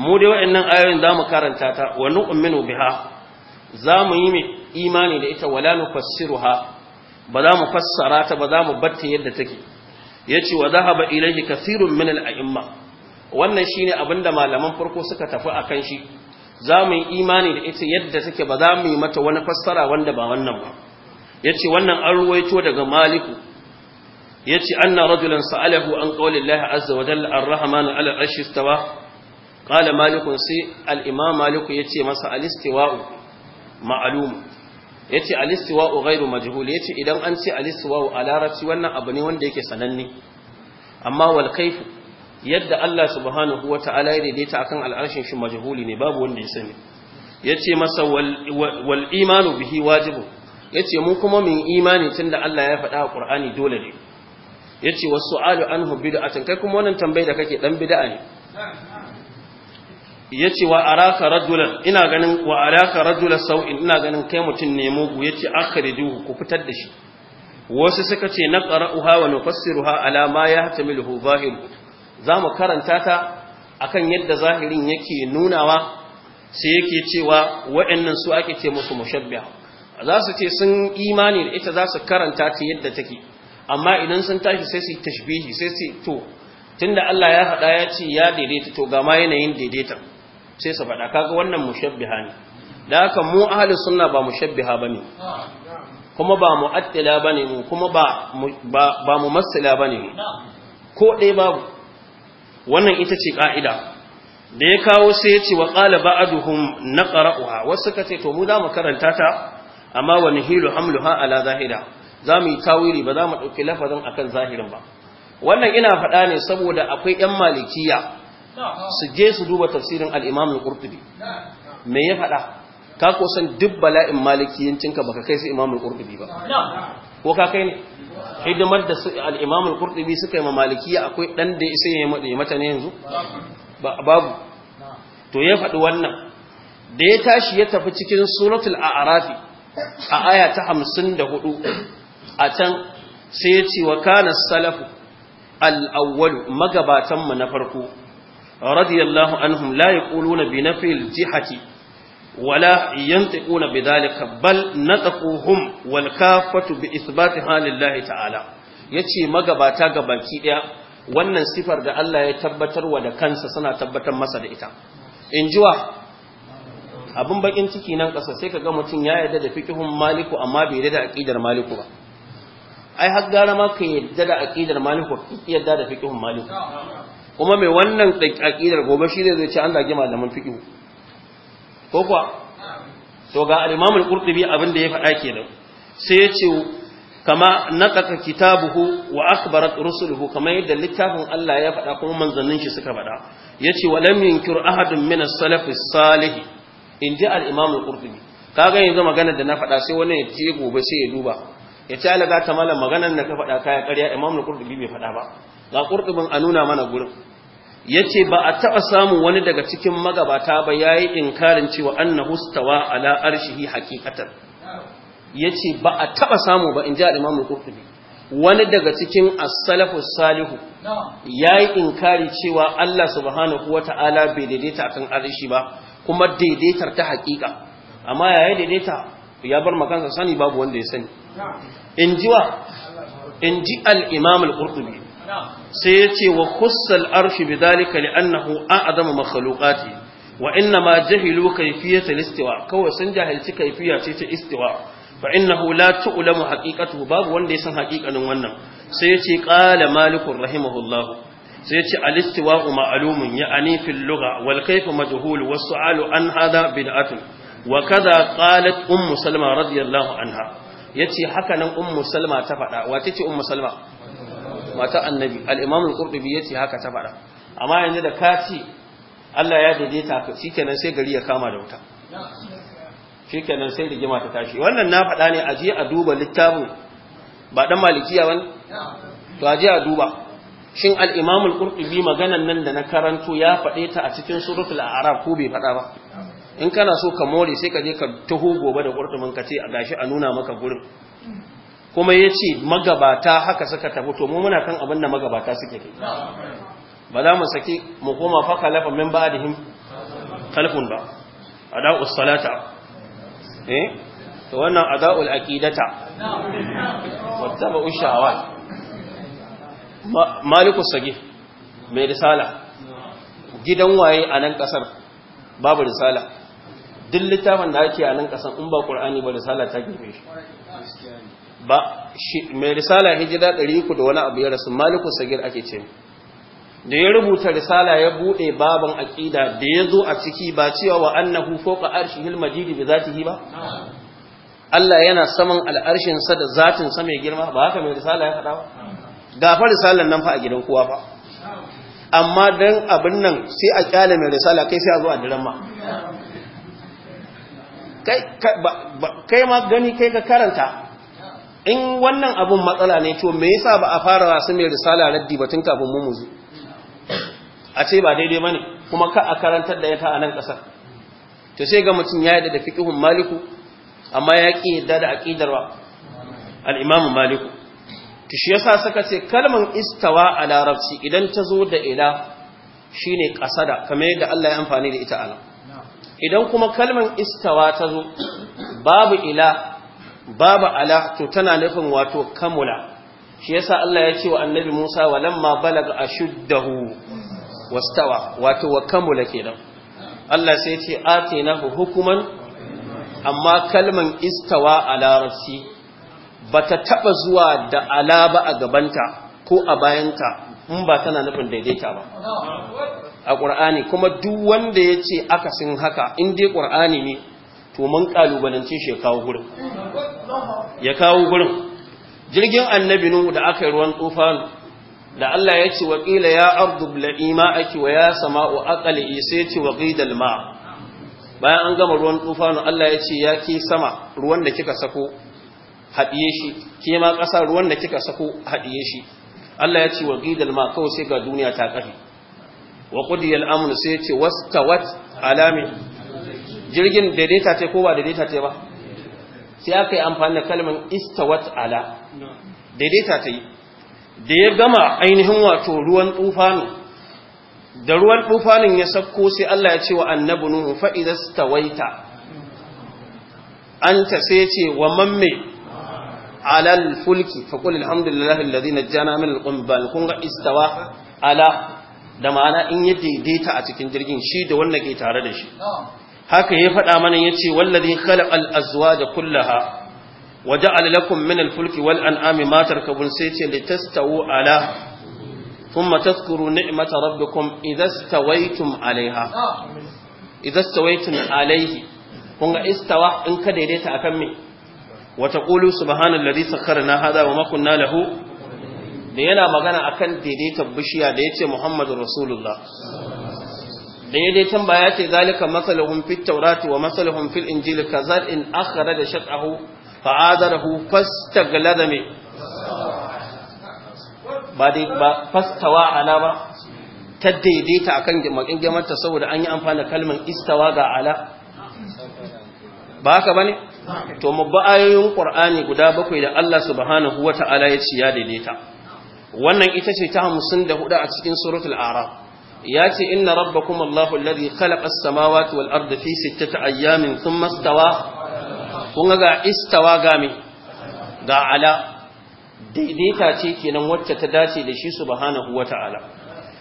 mu dai wa'annan ayoyin zamu karanta ta wa nu'minu biha zamu yi imani da ita wala nufassiruha ba za mu fassara ta ba za mu batta yadda take yace wa zahaba ilayhi kathirun min al-a'imma wannan shine abinda malaman farko suka tafi akan shi za mu yi imani da ita yadda take ba za mu yi mata wani fassara wanda ba wannan ba ce wannan an ruwaito daga maliku yace anna rajulan sa'alahu an qaulillahi azza wa jalla ar-rahman 'ala al-'arshi qala malikun sai al-imam maliku yace masa al-istiwa'u ma'lum yace al-istiwa'u ghairu majhul yace idan an ce al-istiwa'u a larabci wannan abu ne wanda yake sananne amma wal kayf yadda Allah subhanahu wata'ala ya daidaita akan al'arshin shi majhuli ne babu wanda ya sani yace masa wal imanu bihi wajibu yace mu kuma min imani tunda Allah ya faɗa a Qur'ani dole ne yace wasu alu anhu bid'atun kai kuma wannan tambayar da kake dan bid'a ne Ya wa araka rajulan ina ganin wa araka rajula sau'in ina ganin kai mutum ne mugu ya ce yace duhu ku fitar da shi wasu suka ce na naqra'uha wa nufassiruha hata ma zahiru Za mu karanta ta akan yadda zahirin yake nunawa sai yake cewa wa'annan su ake ce musu mushabbiha za su ce sun imani da ita za su karanta ta yadda take amma idan sun tashi sai su tashbihi sai su to tunda Allah ya haɗa ya ce ya daidaita to ga ma yanayin daidaita sai su faɗa kaga wannan mushabbiha ne da haka mu ahli sunna ba mushabbiha bane kuma ba mu'attila bane mu kuma ba ba mu masila bane mu ko dai babu wannan ita ce ka'ida da ya kawo sai ya ce wa qala ba'duhum naqra'uha wasu ce to mu za mu karanta ta amma wa nahilu hamluha ala zahira za mu yi tawili ba za mu ɗauki lafazin akan zahirin ba wannan ina faɗa ne saboda akwai 'yan malikiya su je su duba tafsirin al-Imam me ya faɗa ka ko san duk bala'in ba ka baka kai su Imam al ba ko ka kai ne hidimar da al-Imam suka yi ma malikiya akwai ɗan da isa ya yi mata ne yanzu babu to ya faɗi wannan da ya tashi ya tafi cikin suratul a'rafi a aya ta hamsin da hudu a can sai ya ce wa kana salafu al magabatanmu na farko radiyallahu anhum la yaquluna bi nafil jihati wala yantiquna bidhalika bal nataquhum wal kafatu bi ithbatiha lillahi ta'ala yace magabata gabaki daya wannan sifar da Allah ya tabbatar wa da kansa suna tabbatar masa da ita injiwa abin bakin ciki nan ƙasa sai ka ga mutum ya yarda da fikihun maliku amma bai yarda da aqidar maliku ba ai har gara ma ka yarda da aqidar maliku ki yarda da fikihun maliku kuma mai wannan aƙidar gobe shi ne zai ce an zagi malaman fiƙi ko kuwa to ga al qurtubi abin da ya faɗa kenan sai ya ce kama nataka kitabuhu wa akhbarat rusuluhu kama yadda littafin Allah ya faɗa kuma manzannin shi suka faɗa yace wa lam yunkir ahadun min as-salaf in ji inji al-imam qurtubi kaga yanzu magana da na faɗa sai wani ya ce gobe sai ya duba ya ce alaga ta malam maganar da ka faɗa kaya ƙarya imamul al-qurtubi bai faɗa ba ga ƙurɗubin a nuna mana gurin ya ce ba a taɓa samun wani daga cikin magabata ba ya yi inkarin cewa an na hustawa ala hakikatar ya ce ba a taɓa samu ba in ji al'imamun ƙurɗubi wani daga cikin asalafu salihu ya yi inkari cewa Allah subhanahu wa ta'ala bai daidaita akan arishi ba kuma daidaitar ta haƙiƙa amma yi daidaita ya bar makansa sani babu wanda ya sani in ji wa in sai ya ce wa khussal arshi bidhalika li'annahu a'zamu makhluqati wa inna ma jahilu kayfiyata istiwa kawai sun jahilci kayfiya ce ta istiwa fa innahu la tu'lamu haqiqatuhu babu wanda ya san haqiqanin wannan sai ya ce qala malikur rahimahullah sai ya ce al-istiwa ma'lumun ya'ani fil lugha wal kayfu majhul wasu su'alu an hadha bid'atun wa kada qalat ummu salma radiyallahu anha yace haka nan ummu salma ta faɗa wace ce ummu salma mata annabi al-imam al-qurtubi yace haka ta faɗa. amma yanzu da ka ce Allah ya daidaita ka shikenan sai gari ya kama da wuta shikenan sai rigima ta tashi wannan na faɗa ne aje a duba littafin ba dan malikiya wani to aje a duba shin al-imam al-qurtubi maganan nan da na karanto ya faɗe ta a cikin suratul a'raf ko bai faɗa ba in kana so ka more sai ka je ka taho gobe da ƙurtumin ka ce a gashi a nuna maka gurin kuma ya ce magabata haka suka tafi to mu muna kan abin da magabata suke kai ba za mu saki mu koma faka lafa min ba da him kalfun ba A ada'ul salata eh to wannan a ada'ul aqidata ba ushawa maliku sagi mai risala gidan waye a nan kasar babu risala duk littafin da ake a nan kasar in ba qur'ani ba risala ta gefe shi ba mai risala hijira ɗari ku da wani abu ya rasu maliku sagir ake ce da ya rubuta risala ya buɗe baban aƙida da ya zo a ciki ba cewa wa annahu fawqa arshihil majid bi zatihi ba Allah yana saman al'arshin sa da zatin sa mai girma ba haka mai risala ya faɗa ba ga fa risalan nan fa a gidan kowa fa amma dan abin nan sai a kyale mai risala kai sai a zo a diran ma kai ma gani kai ka karanta in wannan abun matsala ne to me yasa ba a fara wasu mai risala na ba kafin mu muzu a ce ba daidai bane kuma ka a karantar da yata a nan kasar to sai ga mutum ya yadda da fiqhun maliku amma ya ki yadda da aqidar wa al-imam maliku to shi yasa saka ce kalman istawa a larabci idan ta zo da ila shine kasada kamar yadda Allah ya amfani da ita a idan kuma kalman istawa ta zo babu ila babu ala to tana nufin wato kamula shi yasa Allah ya ce wa annabi Musa walamma balaga ashuddahu wastawa wato wa kamula kenan Allah sai ya ce atinahu hukuman amma kalman istawa a larabci bata taba zuwa da ala ba a gabanta ko a bayanta in ba tana nufin daidaita ba a ƙur'ani kuma duk wanda ya ce akasin haka in dai ƙur'ani ne to mun kalubalance shi ya kawo gurin ya kawo gurin jirgin annabi nuhu da aka yi ruwan tufanu da Allah ya ce waƙila ya ardu bla'i ake wa ya sama'u aqali isa ce waqidal ma bayan an gama ruwan tufanu Allah ya ce ya ke sama ruwan da kika sako haɗiye shi ke ma ƙasa ruwan da kika sako haɗiye shi Allah ya ce waqidal ma kawai sai ga duniya ta ƙafi wa qudiya amru sai ya ce wastawat alamin jirgin daidaita ce ko ba daidaita ce ba sai aka yi amfani da kalmar istawat ala daidaita ta yi da ya gama ainihin wato ruwan tufanu da ruwan tufanin ya sakko sai Allah ya ce wa annabi nuhu fa idza an ta sai ce wa mamme! alal fulki fa qul alhamdulillahi alladhi najjana min alqum kun ga istawa ala da ma'ana in ya daidaita a cikin jirgin shi da wanda ke tare da shi haka ya faɗa mana ya ce wallazi khalaqal azwaja kullaha wa ja'ala lakum min al-fulki wal an'ami ma tarkabun sai ce litastawu ala thumma tadhkuru ni'mata rabbikum idza stawaytum alaiha idza stawaytum alaihi kun ga istawa in ka daidaita akan me wa taqulu subhanallazi sakharna hadha wa ma kunna lahu da yana magana akan daidaitar bishiya da yace Muhammadu Rasulullah daidai tambaya ce zalika masalahun fi taurati wa masalahun fil injil kazar in akhara da shaqahu fa azarahu fastaglada ba dai ba fastawa ala ba ta daidaita akan makin gamarta saboda an yi amfani da kalmar istawa ga ala ba haka bane to mabba ayoyin qur'ani guda bakwai da Allah subhanahu wata'ala ya ci ya daidaita wannan ita ce ta hamsin da hudu a cikin suratul a'raf ya ce inna kuma Allahu alladhi khalaqa as-samawati wal arda fi sittati ayyamin thumma istawa kun ga istawa ga me ga ala daidaita ce kenan wacce ta dace da shi subhanahu wata'ala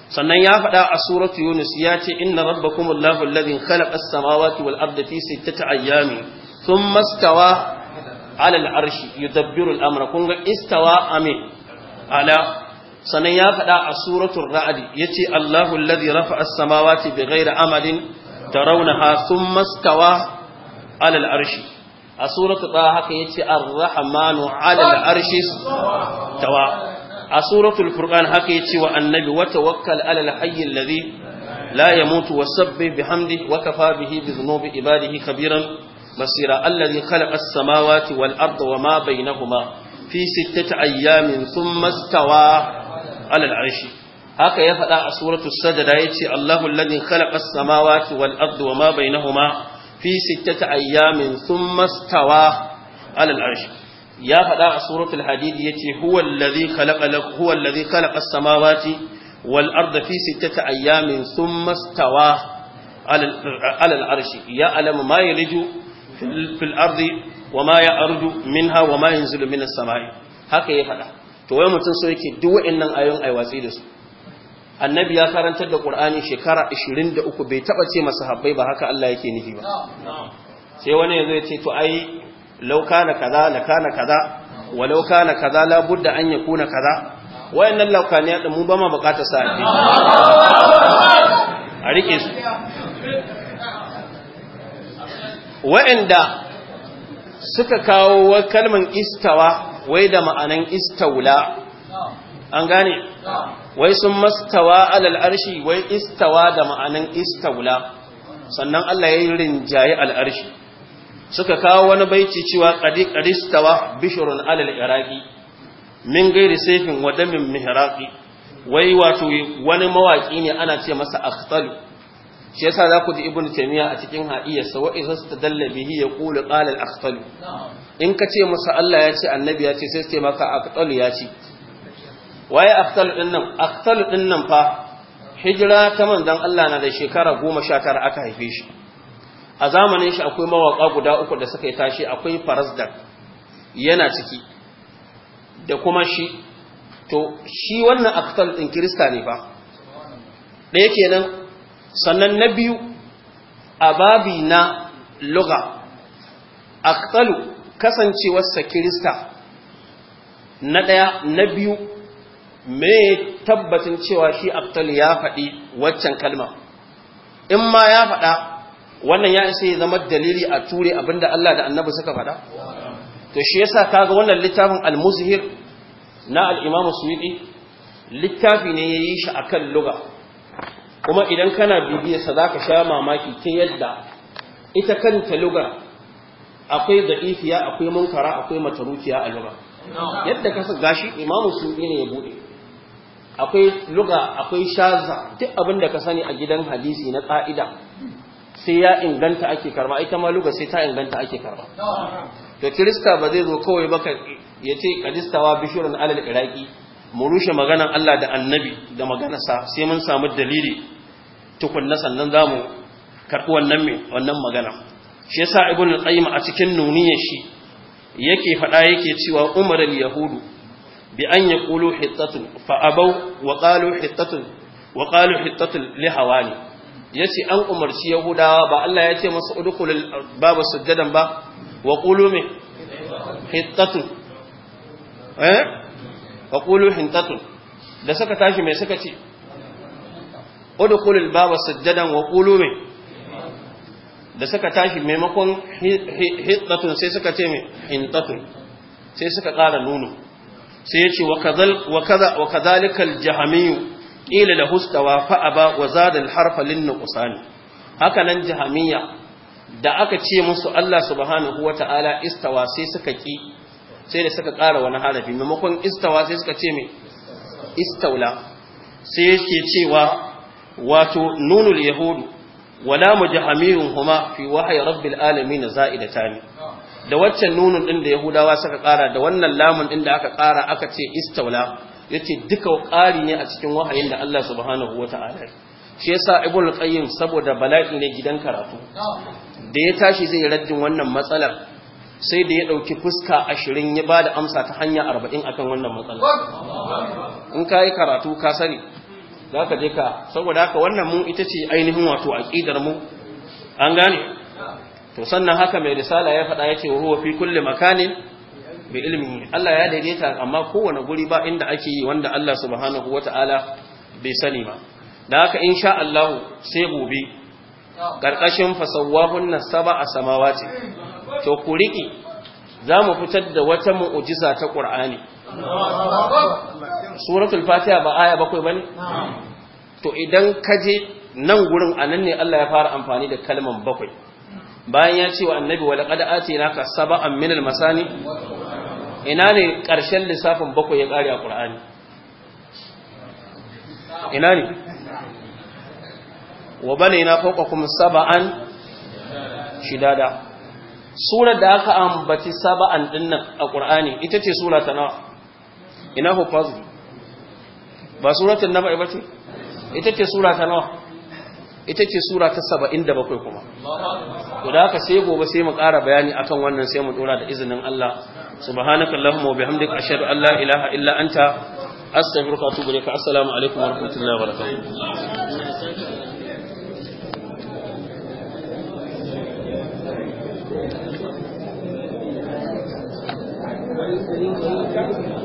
sannan ya faɗa a suratu yunus ya ce inna kuma Allahu alladhi khalaqa as-samawati wal arda fi sittati ayyamin thumma istawa ala al-arshi yudabbiru al-amra kun ga istawa amin ala sannan ya faɗa a suratul ra'd yace Allahu alladhi rafa'a as-samawati bighairi amadin tarawnaha thumma istawa 'ala al-'arshi a suratul ta haka yace ar-rahmanu 'ala al-'arshi tawa a suratul furqan haka yace wa annabi wa tawakkal 'ala al-hayy alladhi la yamutu wasabbih bihamdihi wa kafa bihi bi dhunubi ibadihi khabiran بصيرا الذي خلق السماوات والأرض ma بينهما في ستة ayyamin ثم استوى alal arshi haka ya faɗa a suratu sajada yace Allahu alladhi khalaqa as-samawati wal ardi wa ma bainahuma fi sittati ayyamin sun mastawa alal arshi ya faɗa a suratul ya ce, huwa alladhi khalaqa huwa alladhi khalaqa as-samawati wal ardi fi sittati ayyamin thumma stawa على العرش wa ma ya في min وما يعرج منها وما ينزل من Haka ya يفعل to wai mutum sai yake duk wa'annan ayoyin ai watsi da su annabi ya karantar da qur'ani shekara 23 bai taba ce masahabbai ba haka Allah yake nufi ba sai wani yazo ya ce to ai law kana kaza la kana kaza wa law kana kaza la budda an yakuna kaza wayannan laukaniya din mu ba ma bukatar sa a rike su wa'anda suka kawo kalman istawa wai da ma'anan istaula an gane wai sun mastawa alal arshi wai istawa da ma'anan istaula sannan Allah ya yi rinjaye al'arshi suka kawo wani baici cewa ƙaristawa bishirun alal iraqi. min gairi saifin wadamin mihraki wai wato wani mawaƙi ne ana ce masa akhtalu shi yasa za ku ji ibn taymiya a cikin hadiyarsa wa idza stadalla bihi yaqulu qala al-akhtalu in ka ce masa Allah ya ce annabi ya ce sai ce maka aktal ya ce waye aktal din nan aktal din nan fa hijira ta manzon Allah na da shekara 19 aka haife shi a zamanin shi akwai mawaka guda uku da suka yi tashi akwai Farazdak yana ciki da kuma shi to shi wannan aktal din Kirista ne fa ɗaya nan, sannan na biyu a babi na luga aktalu kasancewarsa kirista na ɗaya na biyu me tabbatin cewa shi abtal ya faɗi waccan kalma in ma ya faɗa wannan ya isa ya zama dalili a ture abinda Allah da annabi suka faɗa to shi yasa kaga wannan littafin al-muzhir na al-imam suyuti littafi ne ya yi shi akan luga kuma idan kana bibiyarsa za ka sha mamaki ta yadda ita kanta lugar akwai da'ifiya akwai munkara akwai matarukiya a lura yadda kasa gashi imamu su ne ya bude akwai luga akwai shaza duk abin da ka sani a gidan hadisi na ka'ida sai ya inganta ake karba ita ma luga sai ta inganta ake karba to kirista ba zai zo kawai ba ya ce kadistawa bishirun alal iraki mu rushe maganan Allah da annabi da maganarsa sai mun samu dalili tukunna sannan za mu karɓi wannan wannan magana shi yasa ibn al-qayyim a cikin nuniyar shi yake faɗa yake cewa umar al-yahudu bi an yaqulu hittatun fa abaw wa qalu hittatun wa qalu hittatun li hawani yace an umarci yahudawa ba Allah ya ce masa al baba sujadan ba wa qulu mi hittatun eh wa qulu hittatun da suka tashi mai suka ce al baba sujadan wa qulu mi da suka tashi maimakon hitsatun sai suka ce mai hintatun sai suka ƙara nuno sai ya ce wa kazalikal jahamiyu ƙila da hustawa fa'aba wa zadal harfalin na ƙusani haka nan jahamiya da aka ce musu Allah subhanahu wa ta'ala istawa sai suka ƙi sai da suka ƙara wani harafi maimakon istawa sai suka ce mai istaula sai ya yake cewa wato nunul yahudu wala mujahamirun huma fi wahyi rabbil alamin za'i da waccan nunun din da yahudawa suka kara da wannan lamun din da aka kara aka ce istawla yace duka ƙari ne a cikin wahayin da Allah subhanahu wata'ala shi yasa ibn qayyim saboda bala'i ne gidan karatu da ya tashi zai raddin wannan matsalar sai da ya dauki fuska 20 ya bada amsa ta hanya 40 akan wannan matsalar in kai karatu ka sani za ka je ka saboda haka wannan mu ita ce ainihin wato aƙidar mu an gane to sannan haka mai risala ya faɗa ya ce wa kulle fi kulle makanin bi ilmi Allah ya daidaita amma kowane guri ba inda ake yi wanda Allah subhanahu bai sani ba da haka sha Allah sai gobe karkashin fasawahun saba a samawati to ku za mu fitar da wata mu'ujiza ta Qur'ani suratul fatiha ba aya bakwai bane to idan ka je nan gurin anan ne Allah ya fara amfani da kalman bakwai bayan ya ce wa annabi wa laqad ka sab'an min al-masani ina ne ƙarshen lissafin bakwai ya kare a Qur'ani ina ne wa banayna fawqakum sab'an shidada surar da aka ambaci sab'an dinnan a Qur'ani ita ce sura ta nawa ina hufazu ba suratul naba ba ce ita ce sura ta nawa ita ce sura ta 77 bakwai kuma to da haka sai gobe sai mu ƙara bayani akan wannan sai mu dora da izinin Allah subhanaka allahumma wa bihamdika ashhadu an la ilaha illa anta astaghfiruka wa atubu ilayka assalamu alaikum wa rahmatullahi wa barakatuh Thank you.